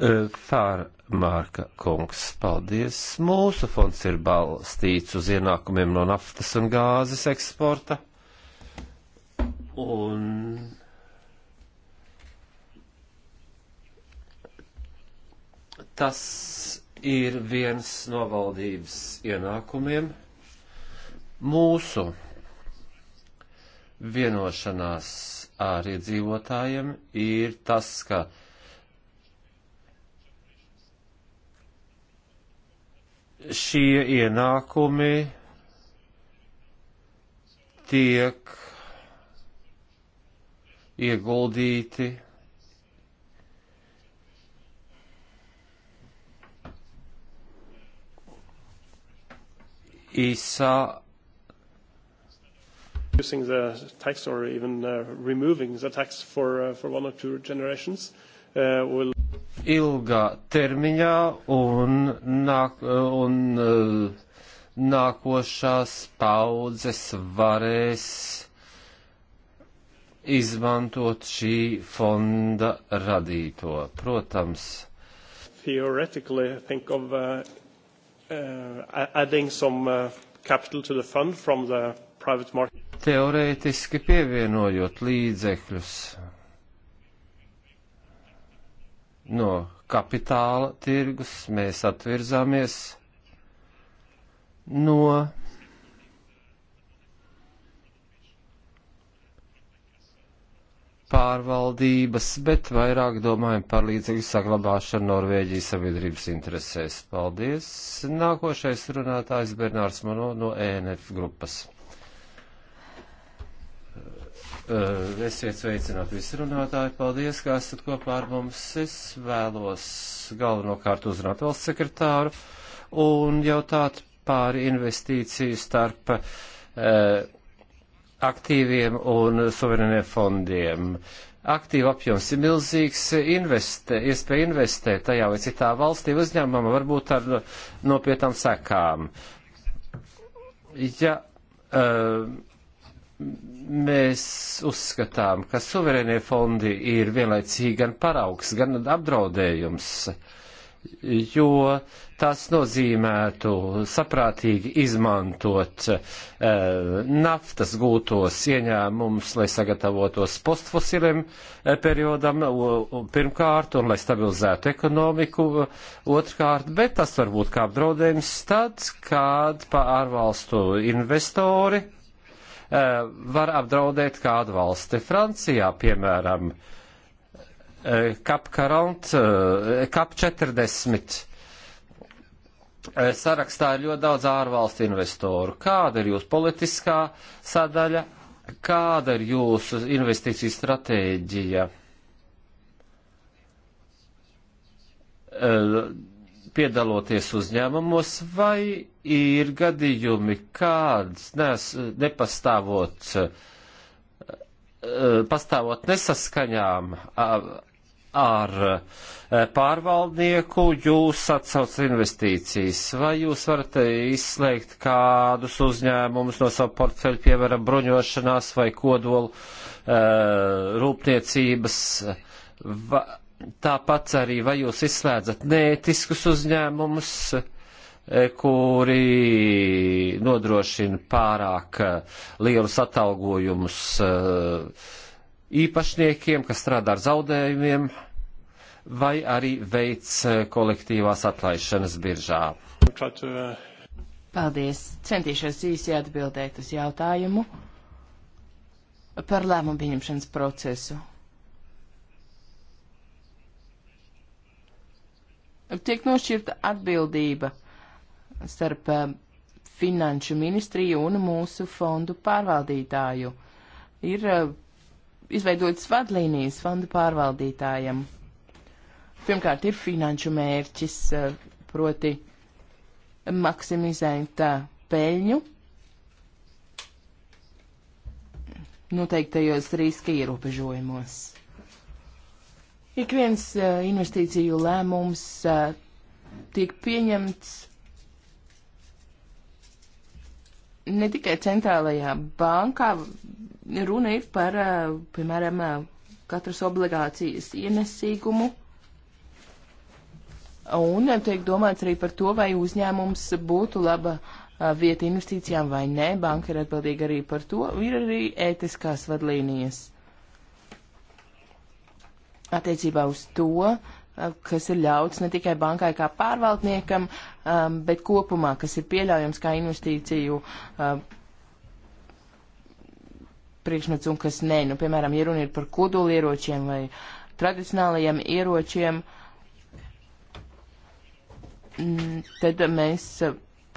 [SPEAKER 1] Eh, Fārmārka kungs, paldies. Mūsu fonds ir balstīts uz ienākumiem no naftas un gāzes eksporta. Un tas ir viens no valdības ienākumiem. Mūsu vienošanās ar iedzīvotājiem ir tas, ka šie ienākumi tiek ieguldīti īsā reducing the tax or even uh, removing the tax for, uh, for one or two generations uh, will ilgā termiņā un, nāk, un eh, nākošās paudzes varēs izmantot šī fonda radīto. Protams,
[SPEAKER 3] theoretically think of uh,
[SPEAKER 1] uh, adding some uh, capital to the fund from the private market? Teorētiski pievienojot līdzekļus no kapitāla tirgus, mēs atvirzāmies no pārvaldības, bet vairāk domājam par līdzekļu saglabāšanu Norvēģijas sabiedrības interesēs. Paldies! Nākošais runātājs Bernārs Mano no ENF grupas. Eh, esiet sveicināti visi runātāji. Paldies, ka esat kopā ar mums. Es vēlos galvenokārt uzrunāt valsts sekretāru un jautāt par investīciju starp eh, aktīviem un suvereniem fondiem. Aktīva apjoms ir milzīgs, investe, iespēja investēt tajā vai citā valstī uzņēmumā varbūt ar nopietnām sekām. Ja, eh, mēs uzskatām, ka suverēnie fondi ir vienlaicīgi gan paraugs, gan apdraudējums, jo tas nozīmētu saprātīgi izmantot e, naftas gūtos ieņēmumus, lai sagatavotos postfosiliem eh, periodam pirmkārt un lai stabilizētu ekonomiku otrkārt, bet tas var būt kā apdraudējums tad, kad pārvalstu investori Eh, var apdraudēt kādu valsti. Francijā, piemēram, kap, 40, kap 40 sarakstā ir ļoti daudz ārvalstu investoru. Kāda ir jūsu politiskā sadaļa? Kāda ir jūsu investīciju stratēģija? Eh, piedaloties uzņēmumos, vai ir gadījumi, kāds nes, nepastāvot, eh, pastāvot nesaskaņām ar eh, pārvaldnieku, jūs atsauc investīcijas, vai jūs varat izslēgt kādus uzņēmumus no savu portfeļu, piemēram, bruņošanās vai kodolu eh, rūpniecības. Tāpat arī, vai jūs izslēdzat nētiskus uzņēmumus, uh, Eh, kuri nodrošina pārāk eh, lielus atalgojumus eh, īpašniekiem, kas strādā ar zaudējumiem, vai arī veids kolektīvās atlaišanas biržā.
[SPEAKER 2] Paldies! Centīšos īsi atbildēt uz jautājumu par lēmumu pieņemšanas procesu. Tiek nošķirta atbildība starp eh, Finanšu ministriju un mūsu fondu pārvaldītāju. Ir eh, izveidotas vadlīnijas fondu pārvaldītājam. Pirmkārt, ir finanšu mērķis, eh, proti maksimizēt peļņu noteiktajos riska ierobežojumos. Ik viens investīciju lēmums tiek pieņemts ne tikai centrālajā bankā, runa ir par, piemēram, katras obligācijas ienesīgumu. Un tiek domāts arī par to, vai uzņēmums būtu laba vieta investīcijām vai nē. Banka ir atbildīga arī par to. Ir arī ētiskās vadlīnijas. Attiecībā uz to, Eh, kas ir ļauts ne tikai bankai kā pārvaldniekam, eh, bet kopumā, kas ir pieļaujams kā investīciju eh, priekšmets un kas nē. Nu, piemēram, ja runa ir par kodolieročiem vai tradicionālajiem ieročiem, mm, tad mēs,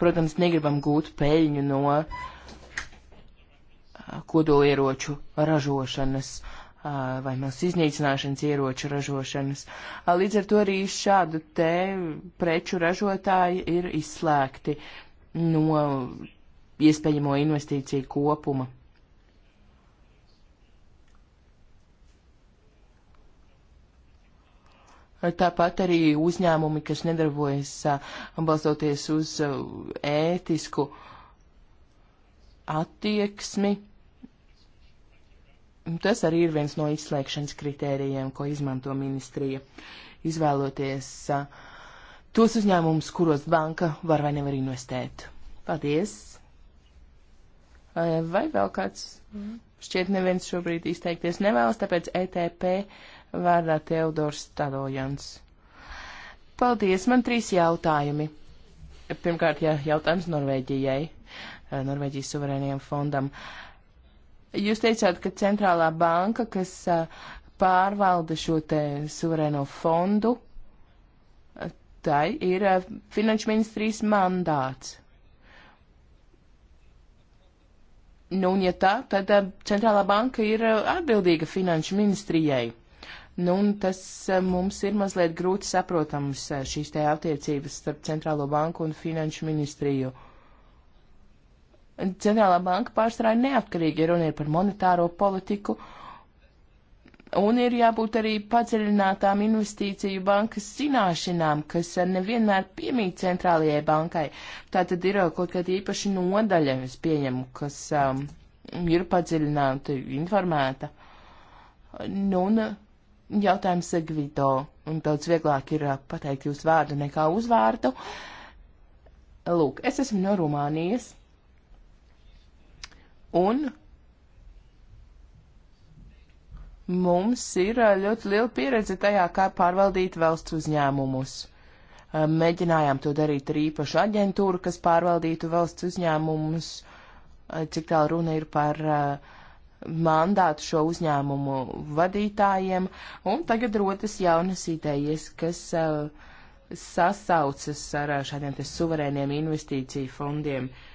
[SPEAKER 2] protams, negribam gūt peļņu no kodolieroču ražošanas. Uh, vai mēs iznīcināšanas ieroču ražošanas. Līdz ar to arī šādu te preču ražotāji ir izslēgti no iespējamo investīciju kopuma. Tāpat arī uzņēmumi, kas nedarbojas balstoties uz ētisku attieksmi. Uh, Tas arī ir viens no izslēgšanas kritērijiem, ko izmanto ministrija, izvēloties uh, tos uzņēmumus, kuros banka var vai nevar investēt. Paldies! Vai vēl kāds? Šķiet, neviens šobrīd izteikties nevēlas, tāpēc ETP vārdā Teodors Tadojans. Paldies, man trīs jautājumi. Pirmkārt, jā, jautājums Norvēģijai, Norvēģijas suverēnajam fondam. Uh, Jūs teicāt, ka centrālā banka, kas pārvalda šo te suverēno fondu, tai ir finanšu ministrijas mandāts. Nu, un ja tā, tad centrālā banka ir atbildīga finanšu ministrijai. Nu, un tas mums ir mazliet grūti saprotams šīs te attiecības starp centrālo banku un finanšu ministriju. Uh, Centrālā banka pārstrāja neatkarīgi, ja runa ir par monetāro politiku, un ir jābūt arī padziļinātām investīciju bankas zināšanām, kas nevienmēr piemīt centrālajai bankai. Tā tad ir kaut kāda īpaša nodaļa, es pieņemu, kas um, ir padziļināta, informēta. Nu, un uh, jautājums Gvido, un daudz vieglāk ir uh, pateikt jūsu vārdu nekā uzvārdu. Lūk, es esmu no Rumānijas. Un mums ir ļoti liela pieredze tajā, kā pārvaldīt valsts uzņēmumus. Mēģinājām to darīt ar īpašu aģentūru, kas pārvaldītu valsts uzņēmumus, cik tālu runa ir par uh, mandātu šo uzņēmumu vadītājiem, un tagad rodas jaunas idejas, kas uh, sasaucas ar šādiem suverēniem investīciju fondiem. Uh,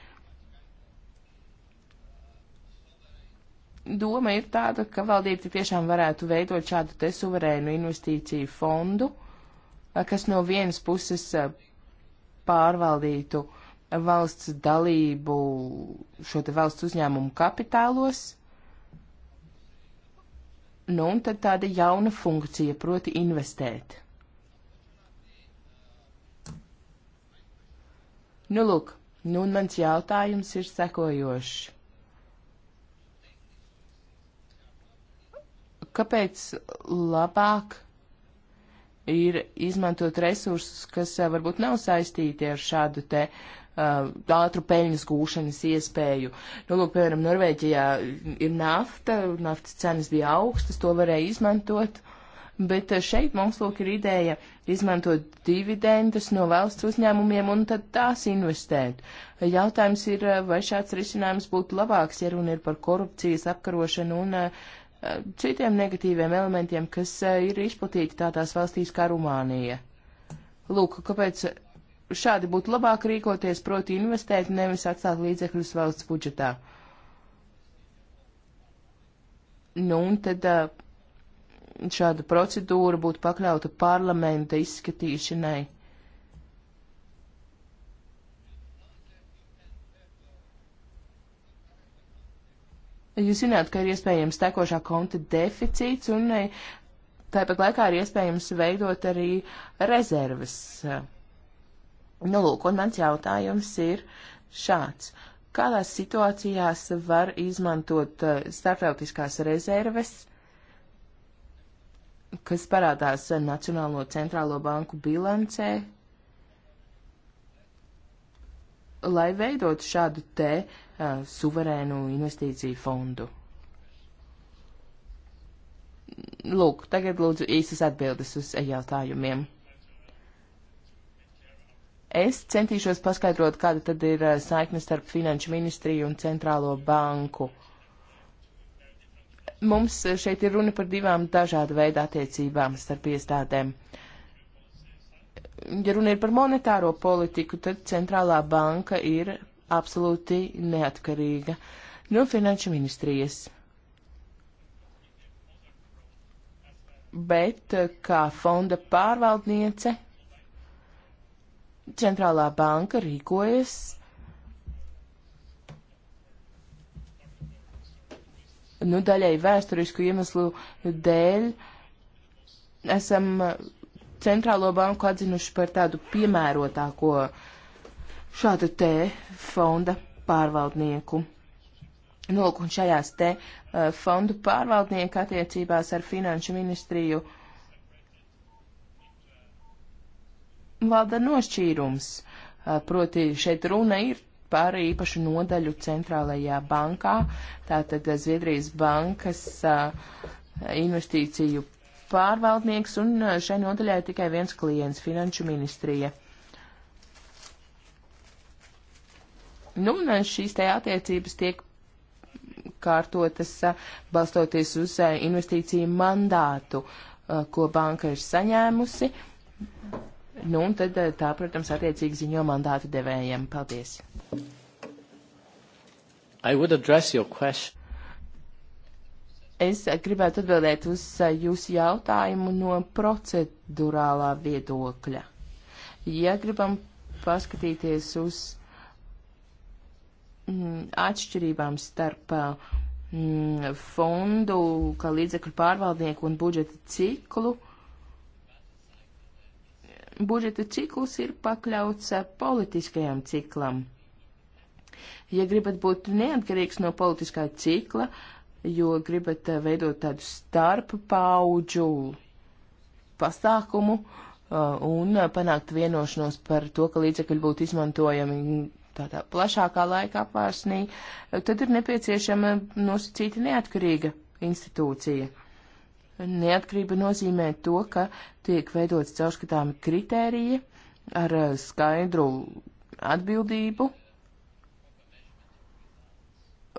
[SPEAKER 2] doma ir tāda, ka valdība tik tiešām varētu veidot šādu te suverēnu investīciju fondu, kas no vienas puses pārvaldītu valsts dalību šo te valsts uzņēmumu kapitālos. Nu, un tad tāda jauna funkcija, proti investēt. Nu, lūk, nu, un mans jautājums ir sekojošs kāpēc labāk ir izmantot resursus, kas eh, varbūt nav saistīti ar šādu te uh, ātru peļņas gūšanas iespēju. Nu, lūk, piemēram, Norvēģijā ir nafta, naftas cenas bija augstas, to varēja izmantot, bet eh, šeit mums, lūk, ir ideja izmantot dividendus no valsts uzņēmumiem un tad tās investēt. Jautājums ir, vai šāds risinājums būtu labāks, ja runa ir par korupcijas apkarošanu un uh, citiem negatīviem elementiem, kas eh, ir izplatīti tādās valstīs kā Rumānija. Lūk, kāpēc šādi būtu labāk rīkoties, proti investēt, nevis atstāt līdzekļus valsts budžetā. Nu, un tad eh, šāda procedūra būtu pakļauta parlamenta izskatīšanai Jūs zināt, ka ir iespējams tekošā konta deficīts un e, tāpat laikā ir iespējams veidot arī rezerves. Nu, lūk, un mans jautājums ir šāds. Kādās situācijās var izmantot e, starptautiskās rezerves, kas parādās Nacionālo centrālo banku bilancē, lai veidot šādu te uh, uh, suverēnu investīciju fondu. Lūk, tagad lūdzu īsas atbildes uz jautājumiem. Es centīšos paskaidrot, kāda tad ir uh, saikne starp Finanšu ministriju un Centrālo banku. Mums šeit ir runa par divām dažādu veidu attiecībām starp iestādēm. Ja runa ir par monetāro politiku, tad Centrālā banka ir absolūti neatkarīga no finanšu ministrijas. Bet eh, kā fonda pārvaldniece, centrālā banka rīkojas nu, daļai vēsturisku iemeslu dēļ esam eh, centrālo banku atzinuši par tādu piemērotāko uh, šādu te fonda pārvaldnieku. Nolūk, un šajās te uh, fondu pārvaldnieku attiecībās ar finanšu ministriju valda nošķīrums. Uh, proti, šeit runa ir par īpašu nodaļu centrālajā bankā, tātad Zviedrijas bankas uh, investīciju pārvaldnieks, un šai nodaļai tikai viens klients - finanšu ministrija. Nu, un eh, šīs te attiecības tiek kārtotas eh, balstoties uz eh, investīciju mandātu, ko banka ir saņēmusi. Nu, un tad tā, protams, attiecīgi ziņo mandātu devējiem. Paldies. Es gribētu atbildēt uz jūsu jautājumu no procedurālā viedokļa. Ja gribam paskatīties uz Mm, atšķirībām starp mm, fondu, kā līdzekļu pārvaldnieku un budžeta ciklu. Budžeta cikls ir pakļauts eh, politiskajam ciklam. Ja gribat būt neatkarīgs no politiskā cikla, jo gribat eh, veidot tādu starp paudžu pasākumu eh, un panākt vienošanos par to, ka līdzekļi būtu izmantojami tādā plašākā laika apvārsnī, tad ir nepieciešama nosacīta neatkarīga institūcija. Neatkarība nozīmē to, ka tiek veidots caurskatāmi kritēriji ar skaidru atbildību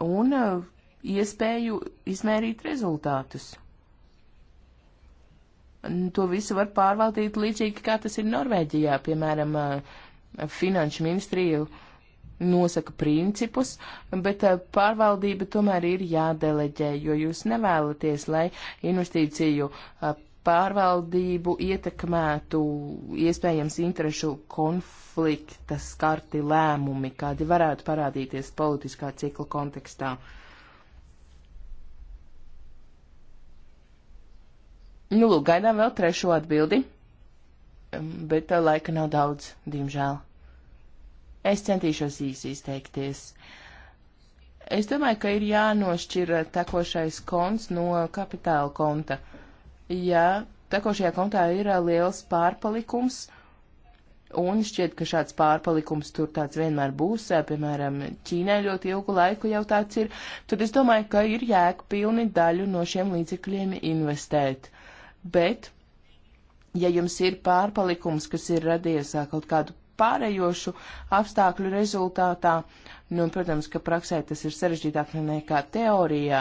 [SPEAKER 2] un uh, iespēju izmērīt rezultātus. To visu var pārvaldīt līdzīgi, kā tas ir Norvēģijā, piemēram, uh, finanšu ministriju uh, nosaka principus, bet eh, pārvaldība tomēr ir jādeleģē, jo jūs nevēlaties, lai investīciju eh, pārvaldību ietekmētu iespējams interešu konflikta skarti lēmumi, kādi varētu parādīties politiskā cikla kontekstā. Nu, lūk, gaidām vēl trešo atbildi, eh, bet laika nav daudz, diemžēl. Es centīšos īsi izteikties. Es domāju, ka ir jānošķir tekošais konts no kapitāla konta. Ja tekošajā kontā ir liels pārpalikums, un šķiet, ka šāds pārpalikums tur tāds vienmēr būs, piemēram, Ķīnai ļoti ilgu laiku jau tāds ir, tad es domāju, ka ir jēga pilni daļu no šiem līdzekļiem investēt. Bet ja jums ir pārpalikums, kas ir radies kaut kādu pārējošu apstākļu rezultātā. Nu, protams, ka praksē tas ir sarežģītāk nekā teorijā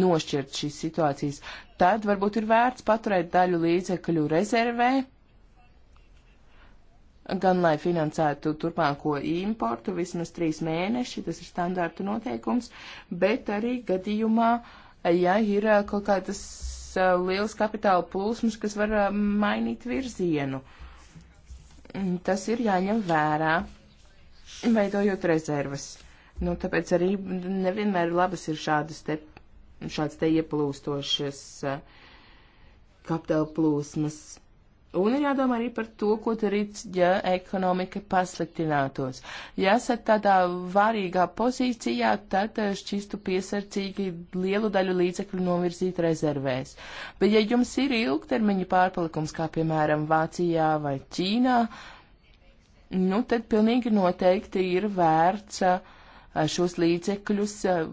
[SPEAKER 2] nošķirt šīs situācijas. Tad varbūt ir vērts paturēt daļu līdzekļu rezervē, gan lai finansētu turpmāko importu vismaz trīs mēneši, tas ir standārtu noteikums, bet arī gadījumā, ja ir uh, kaut kādas uh, liels kapitāla plūsmas, kas var uh, mainīt virzienu. Uh, Mm, tas ir jāņem vērā, veidojot rezervas. Nu, tāpēc arī nevienmēr labas ir šādas te, šāds te ieplūstošas eh, kapitāla plūsmas. Un ir jādomā arī par to, ko darīt, ja ekonomika pasliktinātos. Ja esat tādā varīgā pozīcijā, tad eh, šķistu piesardzīgi lielu daļu līdzekļu novirzīt rezervēs. Bet ja jums ir ilgtermiņa pārpalikums, kā piemēram Vācijā vai Ķīnā, nu tad pilnīgi noteikti ir vērts eh, šos līdzekļus eh,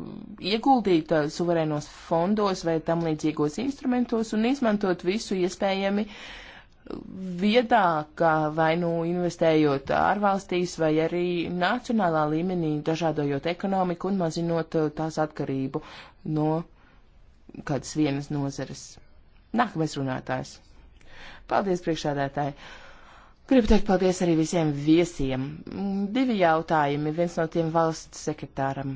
[SPEAKER 2] ieguldīt suverēnos fondos vai tam līdzīgos instrumentos un izmantot visu iespējami. Ja vietā, kā vai nu investējot ārvalstīs, vai arī nacionālā līmenī, dažādojot ekonomiku un mazinot tās atkarību no kādas vienas nozeres. Nākamais runātājs. Paldies, priekšādētāji! Gribu teikt paldies arī visiem viesiem. Mm, divi jautājumi, viens no tiem valsts sekretāram.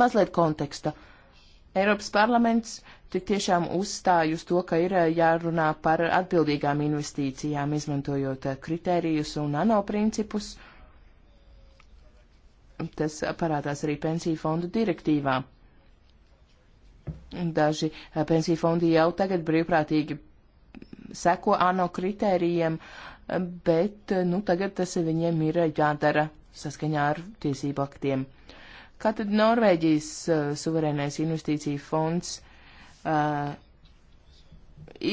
[SPEAKER 2] Mazliet konteksta. Uh, Eiropas parlaments tik tiešām uzstāj uz to, ka ir eh, jārunā par atbildīgām investīcijām, izmantojot eh, kritērijus un ANO principus. Tas parādās arī pensiju fondu direktīvā. Daži eh, pensiju fondi jau tagad brīvprātīgi seko ANO kritērijiem, bet nu, tagad tas viņiem ir jādara saskaņā ar tiesību aktiem. Uh, Kā tad Norvēģijas uh, suverēnais investīcija fonds, uh,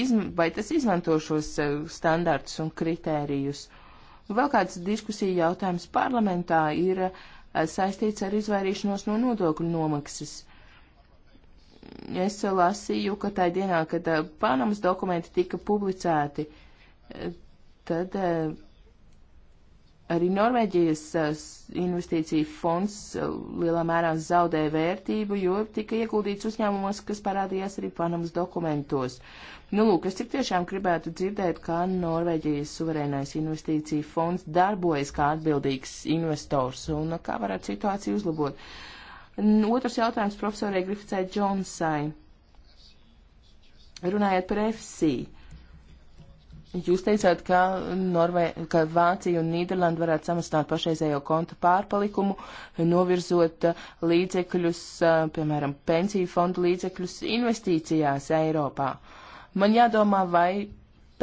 [SPEAKER 2] izm vai tas izmanto šos uh, standartus un kritērijus? Vēl kāds diskusija jautājums parlamentā ir uh, saistīts ar izvairīšanos no nodokļu nomaksas. Es lasīju, ka tajā dienā, kad uh, Panamas dokumenti tika publicēti, uh, tad. Uh, Arī Norvēģijas eh, investīcija fonds eh, lielā mērā zaudēja vērtību, jo tika ieguldīts uzņēmumos, kas parādījās arī Panamas dokumentos. Nu, lūk, es tik tiešām gribētu dzirdēt, kā Norvēģijas suverēnais investīcija fonds darbojas kā atbildīgs investors un eh, kā varētu situāciju uzlabot. Otrs jautājums profesorai Grificai Džonsai. Runājot par FSI Jūs teicāt, ka, Norvē, ka Vācija un Nīderlanda varētu samazināt pašreizējo kontu pārpalikumu, novirzot uh, līdzekļus, uh, piemēram, pensiju fondu līdzekļus investīcijās Eiropā. Man jādomā, vai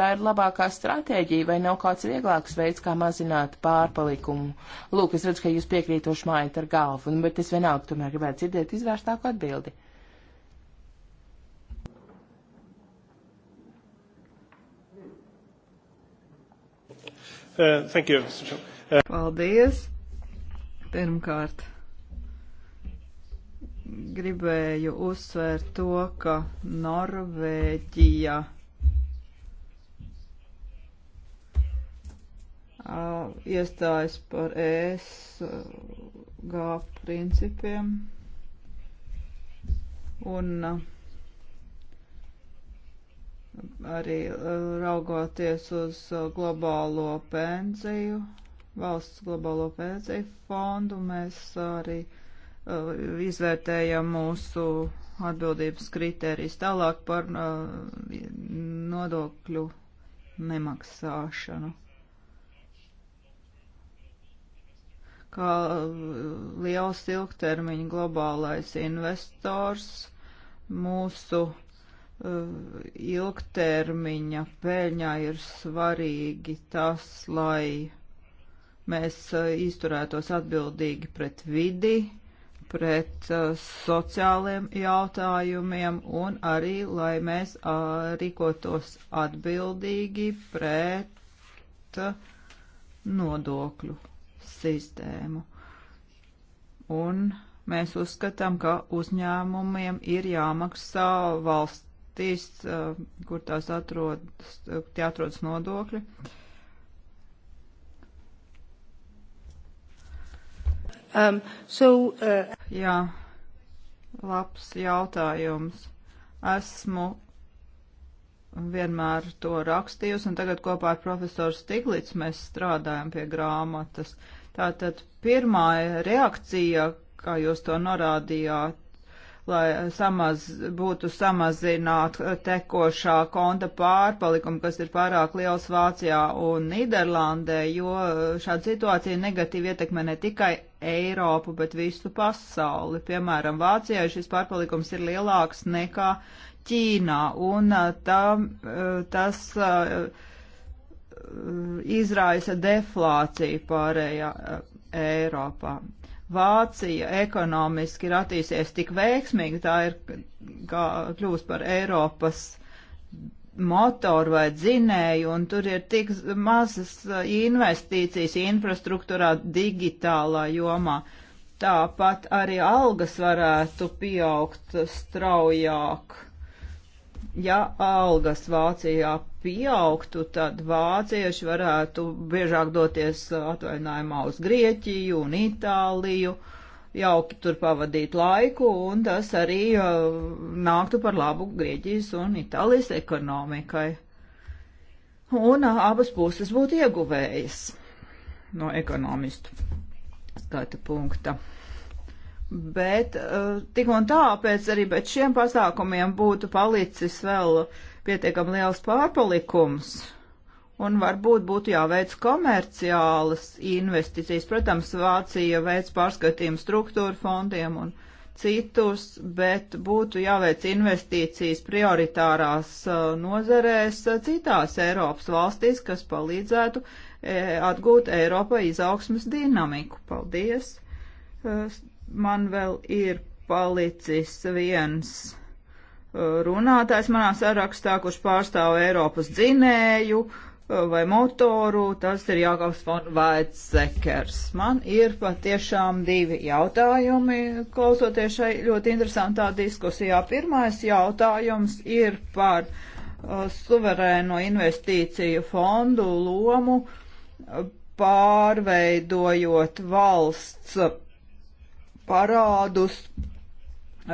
[SPEAKER 2] tā ir labākā stratēģija, vai nav kāds vieglāks veids, kā mazināt pārpalikumu. Lūk, es redzu, ka jūs piekrītoši mājat ar galvu, nu, bet es vienalga tomēr gribētu dzirdēt izvērstāku atbildi.
[SPEAKER 3] Uh, thank you. Uh. Paldies. Pirmkārt, gribēju uzsvērt to, ka Norvēģija uh, iestājas par ESG principiem un uh, arī e, raugoties uz e, globālo pensiju, valsts globālo pensiju fondu, mēs arī uh, izvērtējam mūsu atbildības kritērijas tālāk par uh, nodokļu nemaksāšanu. Kā liels ilgtermiņa globālais investors mūsu uh, Eh, ilgtermiņa pēļņā ir svarīgi tas, lai mēs eh, izturētos atbildīgi pret vidi, pret eh, sociāliem jautājumiem un arī, lai mēs rīkotos atbildīgi pret nodokļu sistēmu. Un mēs uzskatām, ka uzņēmumiem ir jāmaksā valsts valstīs, eh, kur tās atrodas, eh, tie atrodas nodokļi. Um, so, uh... Jā, labs jautājums. Esmu vienmēr to rakstījusi, un tagad kopā ar profesoru Stiglits mēs strādājam pie grāmatas. Tātad pirmā reakcija, kā jūs to norādījāt, lai samaz, būtu samazināt eh, tekošā konta pārpalikumu, kas ir pārāk liels Vācijā un Niderlandē, jo eh, šāda situācija negatīvi ietekmē ne tikai Eiropu, bet visu pasauli. Piemēram, Vācijā šis pārpalikums ir lielāks nekā Ķīnā, un eh, tā, tas izraisa deflāciju pārējā Eiropā. Vācija ekonomiski ir attīsies tik veiksmīgi, tā ir kā kļūst par Eiropas motoru vai dzinēju, un tur ir tik mazas uh, investīcijas infrastruktūrā, digitālā jomā. Tāpat arī algas varētu pieaugt straujāk ja algas Vācijā pieaugtu, tad vācieši varētu biežāk doties atvaļinājumā uz Grieķiju un Itāliju, jauki tur pavadīt laiku, un tas arī uh, nāktu par labu Grieķijas un Itālijas ekonomikai. Un uh, abas puses būtu ieguvējas no ekonomistu skata punkta. Bet eh, tik un tā, pēc arī pēc šiem pasākumiem būtu palicis vēl pietiekami liels pārpalikums. Un varbūt būtu jāveic komerciālas investīcijas. Protams, Vācija veic pārskatījumu struktūru fondiem un citus, bet būtu jāveic investīcijas prioritārās eh, nozerēs eh, citās Eiropas valstīs, kas palīdzētu atgūt Eiropai izaugsmas dinamiku. Paldies! man vēl ir palicis viens uh, runātājs manā sarakstā, kurš pārstāv Eiropas dzinēju uh, vai motoru, tas ir Jākavs von Vaitsekers. Man ir patiešām divi jautājumi, klausoties šai ļoti interesantā diskusijā. Pirmais jautājums ir par uh, suverēno investīciju fondu lomu uh, pārveidojot valsts parādus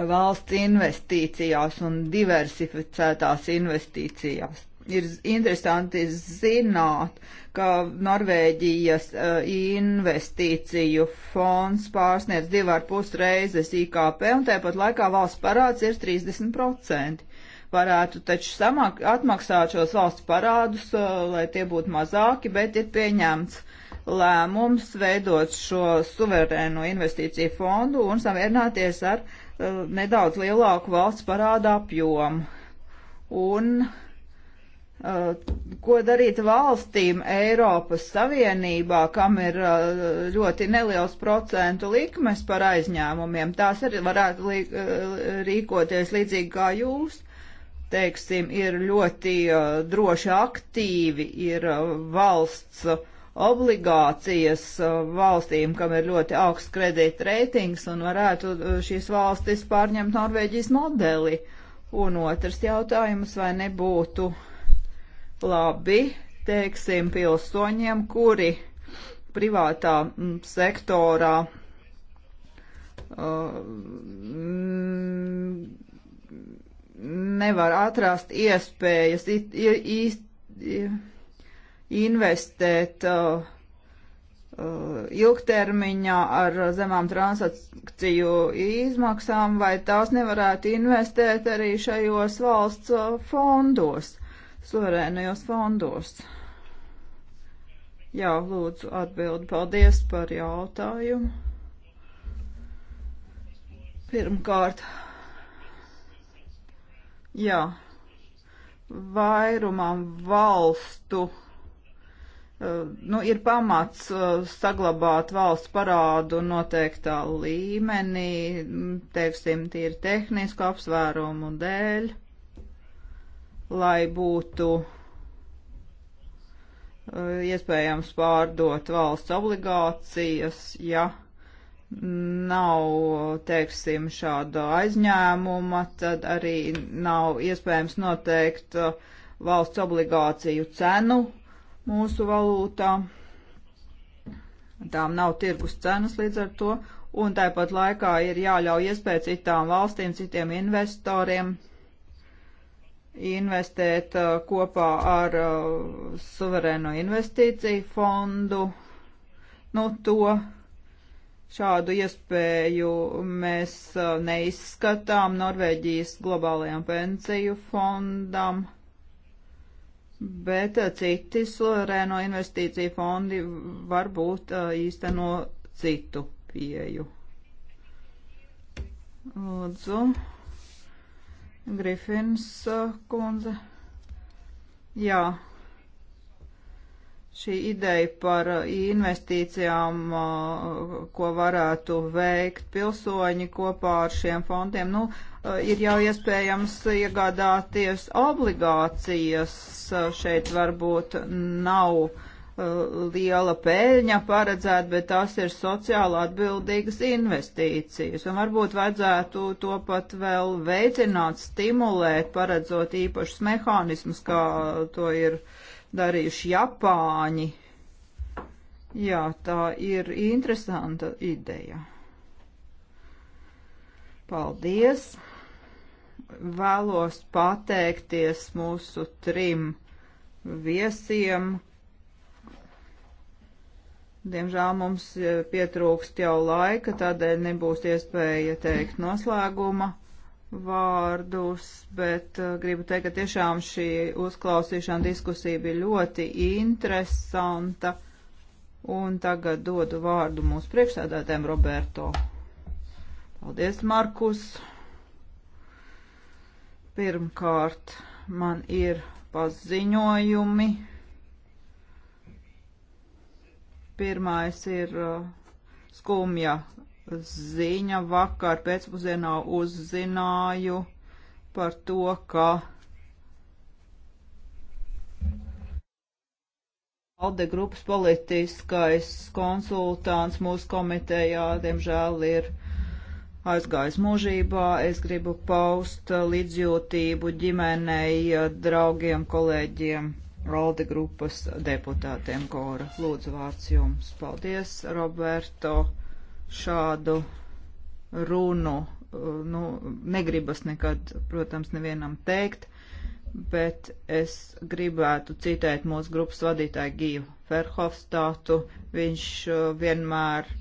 [SPEAKER 3] valsts investīcijās un diversificētās investīcijās. Ir interesanti zināt, ka Norvēģijas investīciju fonds pārsniedz divu ar pus reizes IKP un tāpat laikā valsts parāds ir 30% varētu taču samak, atmaksāt šos valsts parādus, lai tie būtu mazāki, bet ir pieņemts lēmums veidot šo suverēno investīciju fondu un samierināties ar uh, nedaudz lielāku valsts parāda apjomu. Un uh, ko darīt valstīm Eiropas Savienībā, kam ir uh, ļoti neliels procentu likmes par aizņēmumiem, tās arī varētu li, uh, rīkoties līdzīgi kā jūs teiksim, ir ļoti uh, droši aktīvi, ir uh, valsts uh, obligācijas uh, valstīm, kam ir ļoti augsts kredīta reitings un varētu uh, šīs valstis pārņemt Norvēģijas modeli. Un otrs jautājums, vai nebūtu labi, teiksim, pilsoņiem, kuri privātā mm, sektorā uh, mm, nevar atrast iespējas it, it, it, it investēt uh, uh, ilgtermiņā ar zemām transakciju izmaksām, vai tās nevarētu investēt arī šajos valsts uh, fondos, suverēnajos fondos? Jā, lūdzu, atbildi. Paldies par jautājumu. Pirmkārt, jā, vairumam valstu Eh, nu, ir pamats eh, saglabāt valsts parādu noteiktā līmenī, mm, teiksim, tīri tehnisku apsvērumu dēļ, lai būtu eh, iespējams pārdot valsts obligācijas, ja nav, teiksim, šāda aizņēmuma, tad arī nav iespējams noteikt valsts obligāciju cenu, mūsu valūtā. Tām nav tirgus cenas līdz ar to, un tāpat laikā ir jāļauj iespēja citām valstīm, citiem investoriem investēt uh, kopā ar uh, suverēno investīciju fondu. Nu, to Šādu iespēju mēs uh, neizskatām Norvēģijas globālajam pensiju fondam bet eh, citi Sloveno investīcija fondi varbūt eh, īsteno citu pieju. Lūdzu, Grifins eh, kundze. Jā šī ideja par uh, investīcijām, uh, ko varētu veikt pilsoņi kopā ar šiem fondiem, nu, uh, ir jau iespējams iegādāties obligācijas. Šeit varbūt nav Eh, liela pēļņa paredzēta, bet tās ir sociāli atbildīgas investīcijas. Un varbūt vajadzētu to pat vēl veicināt, stimulēt, paredzot īpašus mehānismus, kā to ir darījuši Japāņi. Jā, tā ir interesanta ideja. Paldies! Vēlos pateikties mūsu trim viesiem, Diemžēl mums pietrūkst jau laika, tādēļ nebūs iespēja teikt noslēguma vārdus, bet uh, gribu teikt, ka tiešām šī uzklausīšana diskusija bija ļoti interesanta. Un tagad dodu vārdu mūsu priekšsēdētājiem Roberto. Paldies, Markus. Pirmkārt, man ir paziņojumi. Pirmais ir uh, skumja ziņa. Vakar pēcpusdienā uzzināju par to, ka Alde grupas politiskais konsultants mūsu komitejā, diemžēl, ir aizgājis mūžībā. Es gribu paust līdzjūtību ģimenei, draugiem, kolēģiem Alde grupas deputātiem Kora. Lūdzu, vārds jums. Paldies, Roberto. Šādu runu uh, nu, negribas nekad, protams, nevienam teikt, bet es gribētu citēt mūsu grupas vadītāju Gīvu Ferhofstātu. Viņš uh, vienmēr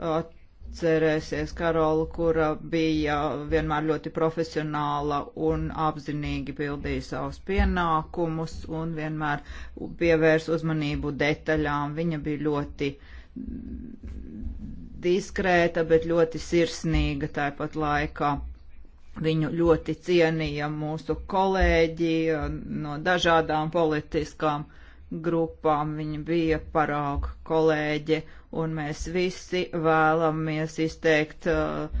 [SPEAKER 3] at, uh, atcerēsies Karolu, kura bija vienmēr ļoti profesionāla un apzinīgi pildīja savus pienākumus un vienmēr pievērs uzmanību detaļām. Viņa bija ļoti diskrēta, bet ļoti sirsnīga tāpat laikā. Viņu ļoti cienīja mūsu kolēģi no dažādām politiskām uh, grupām, viņa bija parāga kolēģe, un mēs visi vēlamies izteikt uh,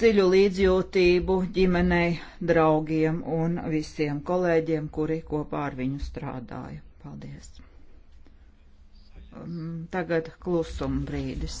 [SPEAKER 3] dziļu līdzjūtību ģimenei, draugiem un visiem kolēģiem, kuri kopā ar viņu strādāja. Paldies! Um, tagad klusuma brīdis.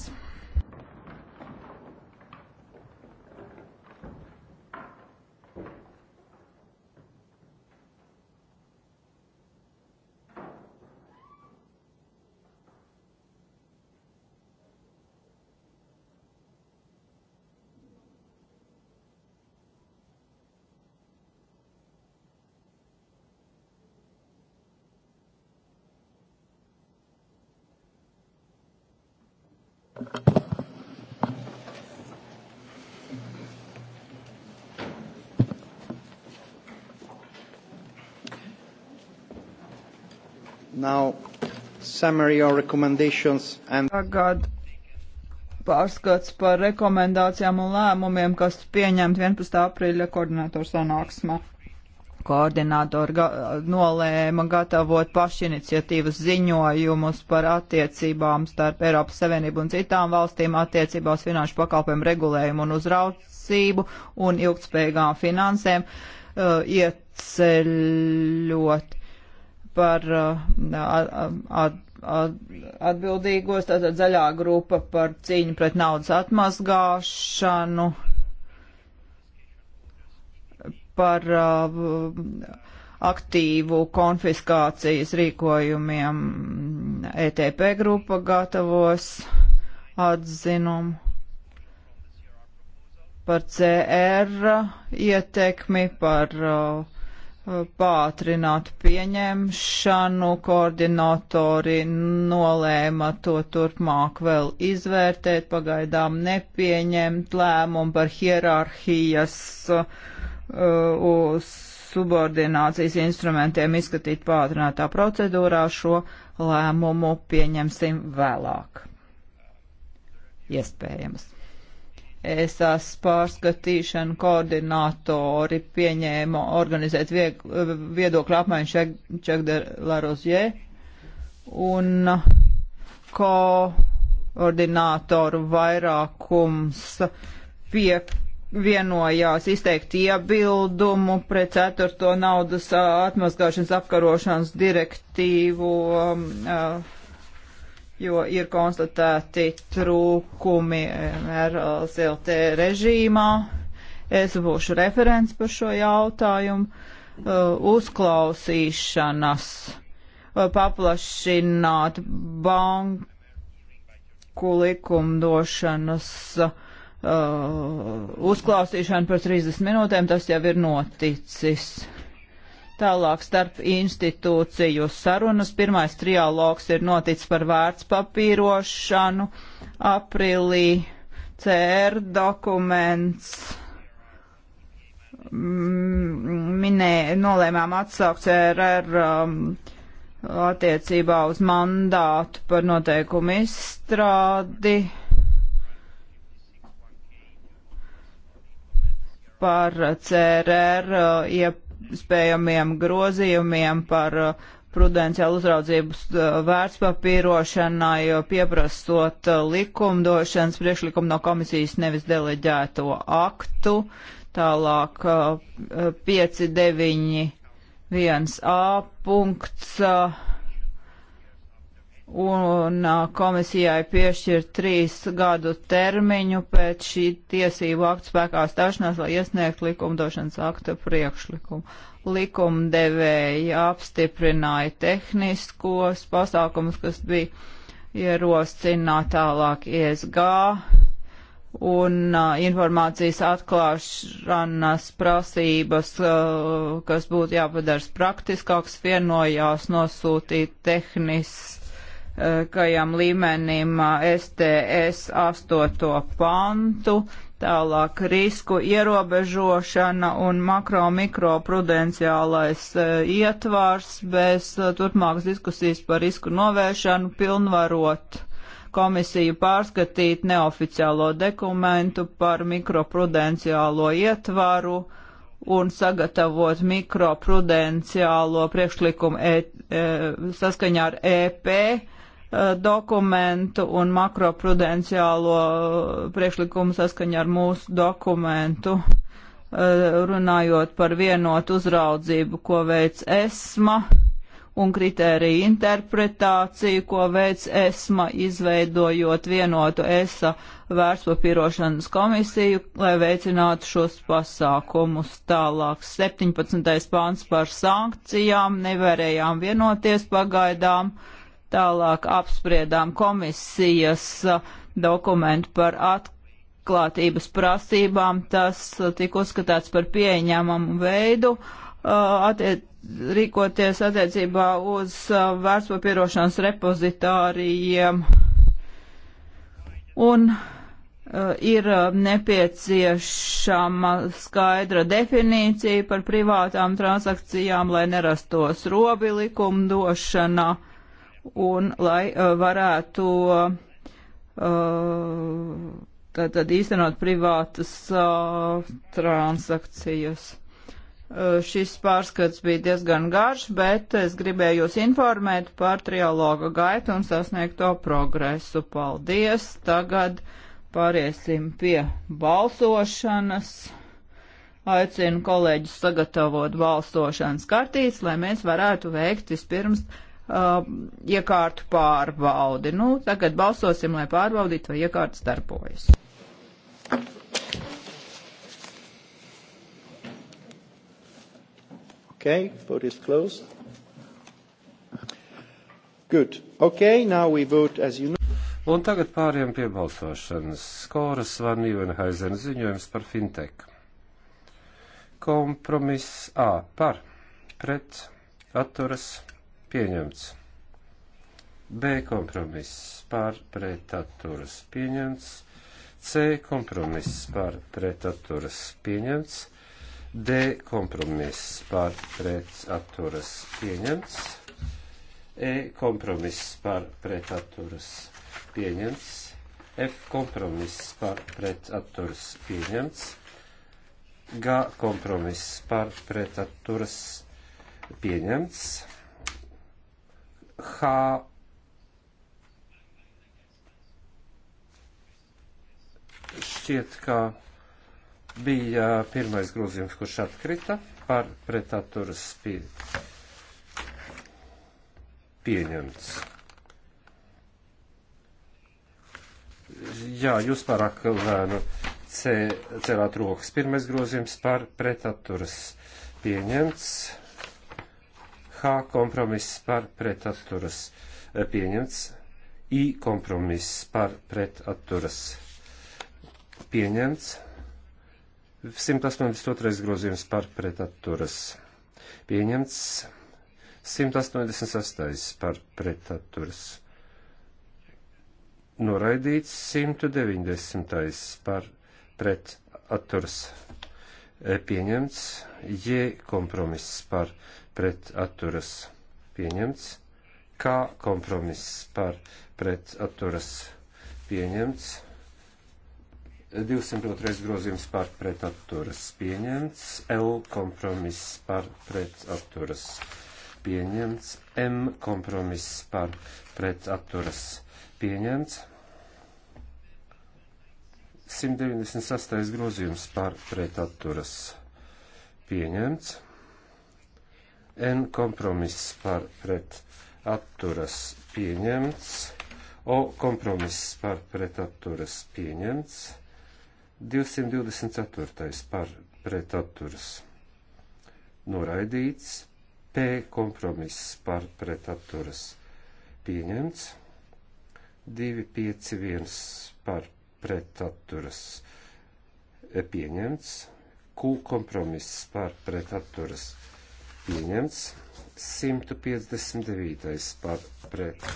[SPEAKER 3] Now, summary or recommendations and... Tagad pārskats par rekomendācijām un lēmumiem, kas pieņemt 11. aprīļa koordinātoru sanāksmē. Koordinātori ga nolēma gatavot pašiniciatīvas ziņojumus par attiecībām starp Eiropas Savienību un citām valstīm attiecībās finanšu pakalpojumu regulējumu un uzraucību un ilgtspējīgām finansēm uh, ieceļot par at, uh, at, atbildīgos, tātad zaļā grupa par cīņu pret naudas atmazgāšanu, par uh, aktīvu konfiskācijas rīkojumiem ETP grupa gatavos atzinumu par CR ietekmi, par uh, pātrināt pieņemšanu, koordinatori nolēma to turpmāk vēl izvērtēt, pagaidām nepieņemt lēmumu par hierarhijas uh, uz subordinācijas instrumentiem izskatīt pātrinātā procedūrā, šo lēmumu pieņemsim vēlāk. Iespējams. ESAS pārskatīšanu koordinātori pieņēma organizēt vieg, viedokļu apmaiņu Čekdelarozjē un koordinātoru vairākums pie vienojās izteikt iebildumu pret ceturto naudas atmazgāšanas apkarošanas direktīvu. Um, uh, jo ir konstatēti trūkumi RLZLT režīmā. Es būšu referents par šo jautājumu. Uh, uzklausīšanas uh, paplašināt banku likumdošanas uh, uzklausīšanu par 30 minūtēm, tas jau ir noticis. Tālāk starp institūciju sarunas. Pirmais trialogs ir noticis par vērtspapīrošanu aprīlī. CR dokuments mm, minē, nolēmām atsaukt CRR um, attiecībā uz mandātu par noteikumu izstrādi. par CRR uh, iep iespējamiem grozījumiem par uh, prudenciālu uzraudzības uh, vērtspapīrošanai, uh, pieprastot likumdošanas priekšlikumu no komisijas nevis deleģēto aktu. Tālāk 5, 9, 1a punkts un komisijai piešķir trīs gadu termiņu pēc šī tiesību aktu spēkā stāšanās, lai iesniegtu likumdošanas akta priekšlikumu. Likumdevēji apstiprināja tehniskos pasākumus, kas bija ierosināt tālāk ISG un uh, informācijas atklāšanas prasības, uh, kas būtu jāpadara praktiskāks, vienojās nosūtīt tehnisks kajam līmenim STS 8. pantu, tālāk risku ierobežošana un makro mikro prudenciālais ietvars bez turpmākas diskusijas par risku novēršanu pilnvarot komisiju pārskatīt neoficiālo dokumentu par mikroprudenciālo ietvaru un sagatavot mikroprudenciālo priekšlikumu e, e, saskaņā ar EP Eh, dokumentu un makroprudenciālo eh, priekšlikumu saskaņa ar mūsu dokumentu, eh, runājot par vienotu uzraudzību, ko veic ESMA un kritēriju interpretāciju, ko veic ESMA, izveidojot vienotu ESA vērtspapīrošanas komisiju, lai veicinātu šos pasākumus. Tālāk 17. pāns par sankcijām nevarējām vienoties pagaidām. Uh, Tālāk apspriedām komisijas uh, dokumentu par atklātības prasībām. Tas uh, tika uzskatāts par pieņemamu veidu uh, attiec, rīkoties attiecībā uz vērtspapīrošanas repozitārijiem. Un ir nepieciešama skaidra definīcija par privātām transakcijām, lai nerastos robi likumdošana. došana un lai uh, varētu tātad uh, īstenot privātas uh, transakcijas. Šis pārskats bija diezgan garš, bet es gribēju jūs informēt par trialoga gaitu un sasniegto progresu. Paldies! Tagad pāriesim pie balsošanas. Aicinu kolēģis sagatavot balsošanas kartītes, lai mēs varētu veikt vispirms uh, iekārtu pārbaudi. Nu, tagad balsosim, lai pārbaudītu, vai iekārtas darbojas. Okay, vote is closed.
[SPEAKER 1] Good. Okay, now we vote as you know. Un tagad pāriem pie balsošanas. Skoras Van Ivenhaizena ziņojums par fintech. Kompromiss A par pret atturas pieņemts. B kompromiss par pretaturas pieņemts. C kompromiss par pretaturas pieņemts. D kompromiss par pretaturas pieņemts. E kompromiss par pretaturas pieņemts. F kompromiss par pretaturas pieņemts. G kompromiss par pretaturas pieņemts. H šķiet, ka bija pirmais grozījums, kurš atkrita par pretaturas pie... pieņemts. Jā, jūs pārāk lēnu cēlāt rokas. Pirmais grozījums par pretaturas pieņemts. H kompromiss par pretatturas eh, pieņemts. I kompromiss par pretatturas pieņemts. 182. grozījums par pretatturas pieņemts. 186. par pretatturas noraidīts. 190. par pretatturas eh, pieņemts. J kompromiss par pretatturas pret atturas pieņemts, kā kompromiss par pret atturas pieņemts, 202. grozījums par pret atturas pieņemts, L kompromiss par pret atturas pieņemts, M kompromiss par pret atturas pieņemts, 198. grozījums par pret atturas pieņemts, N kompromiss par pret atturas pieņemts. O kompromiss par pret atturas pieņemts. 224. par pret atturas noraidīts. P kompromiss par pret atturas pieņemts. 251 par pret atturas pieņemts. Q kompromiss par pret atturas pieņemts pieņemts. 159. par pret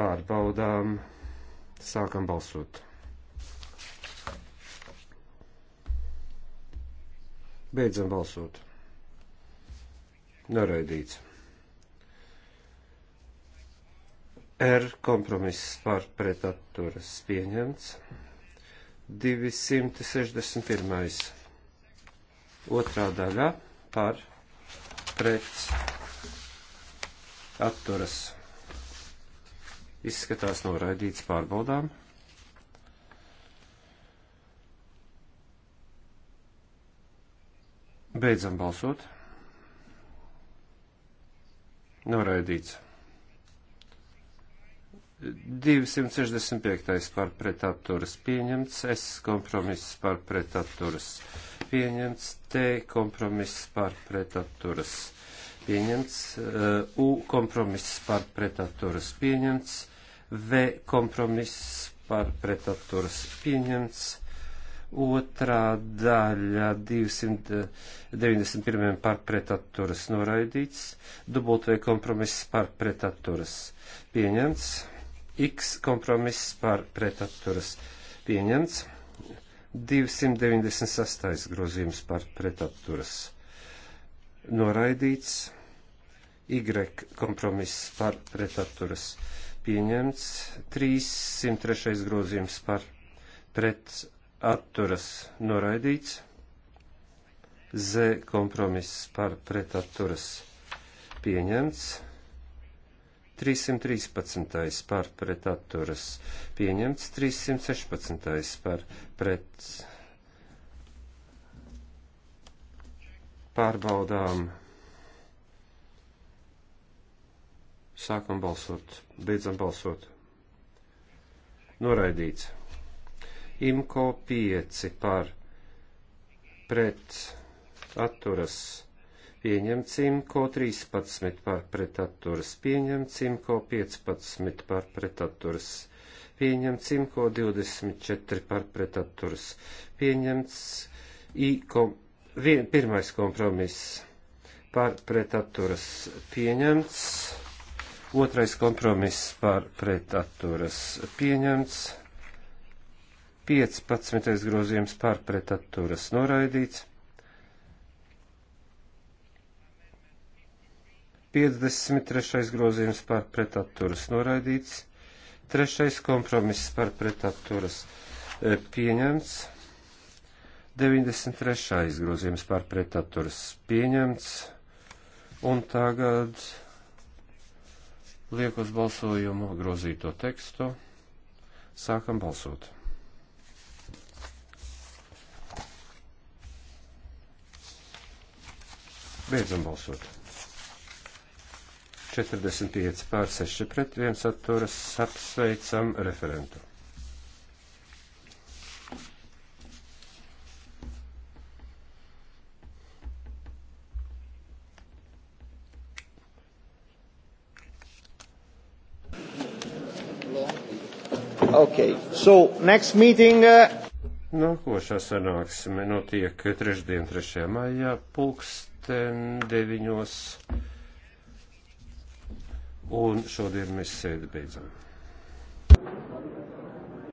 [SPEAKER 1] pārbaudām. Sākam balsot. Beidzam balsot. Noraidīts. R kompromiss par pretatturas pieņemts. 261. Otrā daļā par pret atturas. Izskatās noraidīts pārbaudām. Beidzam balsot. Noraidīts. 265. par pretapturas pieņemts, S kompromiss par pretapturas pieņemts pieņemts, T kompromiss par pretaturas pieņemts, eh, U kompromiss par pretaturas pieņemts, V kompromiss par pretaturas pieņemts, otrā daļa 291 eh, par pretaturas noraidīts, W kompromiss par pretaturas pieņemts, X kompromiss par pretaturas pieņemts 296. grozījums par pretapturas noraidīts, Y kompromiss par pretapturas pieņemts, 303. grozījums par pretapturas noraidīts, Z kompromiss par pretapturas pieņemts. 313. par pret atturas pieņemts, 316. par pret pārbaudām. Sākam balsot, beidzam balsot. Noraidīts. Imko 5 par pret atturas pieņemts pieņemts Simko 13 par pretaturas, pieņemts Simko 15 par pretaturas, pieņemts Simko 24 par pretaturas, pieņemts IKO vien, pirmais kompromiss par pretaturas, pieņemts otrais kompromiss par pretaturas, pieņemts 15. grozījums par pretaturas, noraidīts 53. grozījums par pretapturas noraidīts, 3. kompromiss par pretapturas e, pieņemts, 93. grozījums par pretapturas pieņemts, un tagad liek uz balsojumu grozīto tekstu. Sākam balsot. Beidzam balsot. 45 pār 6 pret 1 atturas apsveicam referentu.
[SPEAKER 3] Okay. So, next meeting. Uh...
[SPEAKER 1] Nākošā sanāksme notiek trešdien, 3. maijā, pulksten deviņos. 9 un šodien mēs sēdi beidzam.